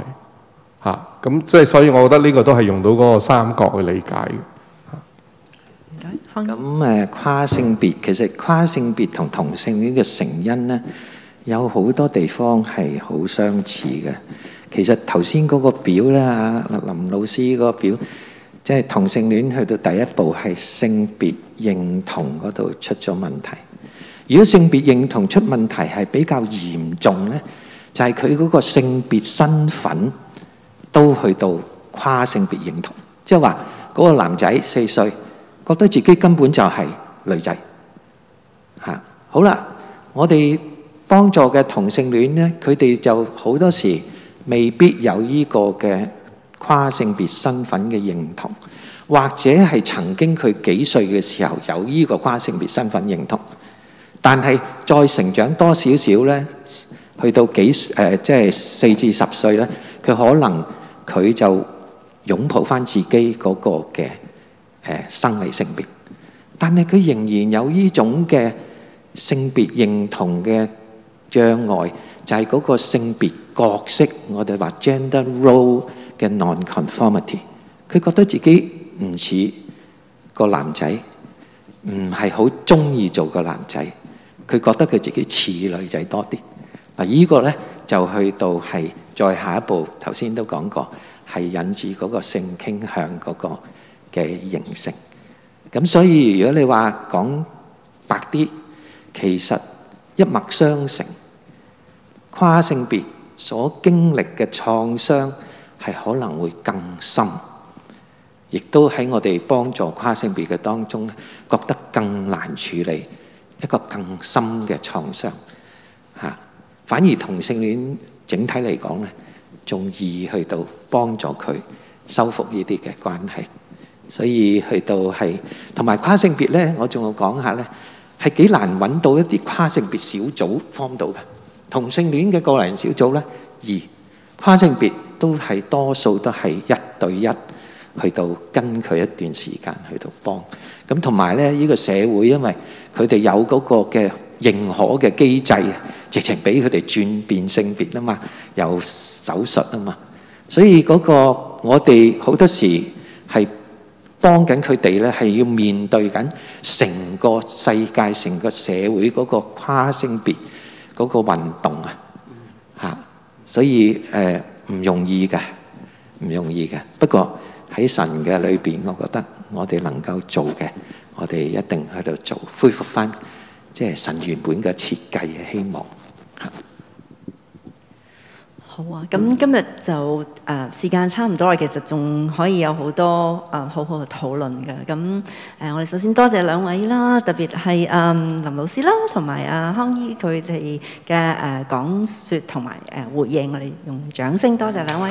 嚇。咁即係所以，我覺得呢個都係用到嗰個三角去理解嘅。咁誒跨性別，其實跨性別同同性戀嘅成因咧，有好多地方係好相似嘅。其實頭先嗰個表啦，林老師嗰個表。即係同性戀去到第一步係性別認同嗰度出咗問題。如果性別認同出問題係比較嚴重呢，就係佢嗰個性別身份都去到跨性別認同，即係話嗰個男仔四歲覺得自己根本就係女仔吓。好啦，我哋幫助嘅同性戀呢，佢哋就好多時未必有呢個嘅。跨性別身份嘅認同，或者係曾經佢幾歲嘅時候有呢個跨性別身份認同，但係再成長多少少呢，去到幾誒，即、呃、係、就是、四至十歲呢，佢可能佢就擁抱翻自己嗰個嘅生理性別，但係佢仍然有呢種嘅性別認同嘅障礙，就係、是、嗰個性別角色，我哋話 gender role。嘅 non-conformity，佢覺得自己唔似個男仔，唔係好中意做個男仔，佢覺得佢自己似女仔多啲。嗱、這個，依個咧就去到係再下一步，頭先都講過，係引致嗰個性傾向嗰個嘅形成。咁所以如果你話講白啲，其實一脈相承，跨性別所經歷嘅創傷。係可能會更深，亦都喺我哋幫助跨性別嘅當中，覺得更難處理一個更深嘅創傷嚇。反而同性戀整體嚟講咧，仲易去到幫助佢修復呢啲嘅關係，所以去到係同埋跨性別咧，我仲要講下咧，係幾難揾到一啲跨性別小組幫到嘅同性戀嘅過嚟人小組咧，而跨性別。都係多數都係一對一去到跟佢一段時間去到幫，咁同埋咧呢個社會，因為佢哋有嗰個嘅認可嘅機制，直情俾佢哋轉變性別啊嘛，有手術啊嘛，所以嗰個我哋好多時係幫緊佢哋咧，係要面對緊成個世界、成個社會嗰個跨性別嗰個運動啊嚇，所以誒。唔容易嘅，唔容易嘅。不過喺神嘅裏邊，我覺得我哋能夠做嘅，我哋一定喺度做，恢復返即係神原本嘅設計嘅希望。好啊，咁今日就誒、呃、時間差唔多啦，其實仲可以有好多誒、呃、好好嘅討論嘅。咁誒、呃，我哋首先多謝兩位啦，特別係誒、呃、林老師啦，同埋阿康姨佢哋嘅誒講説同埋誒回應，我哋用掌聲多謝兩位。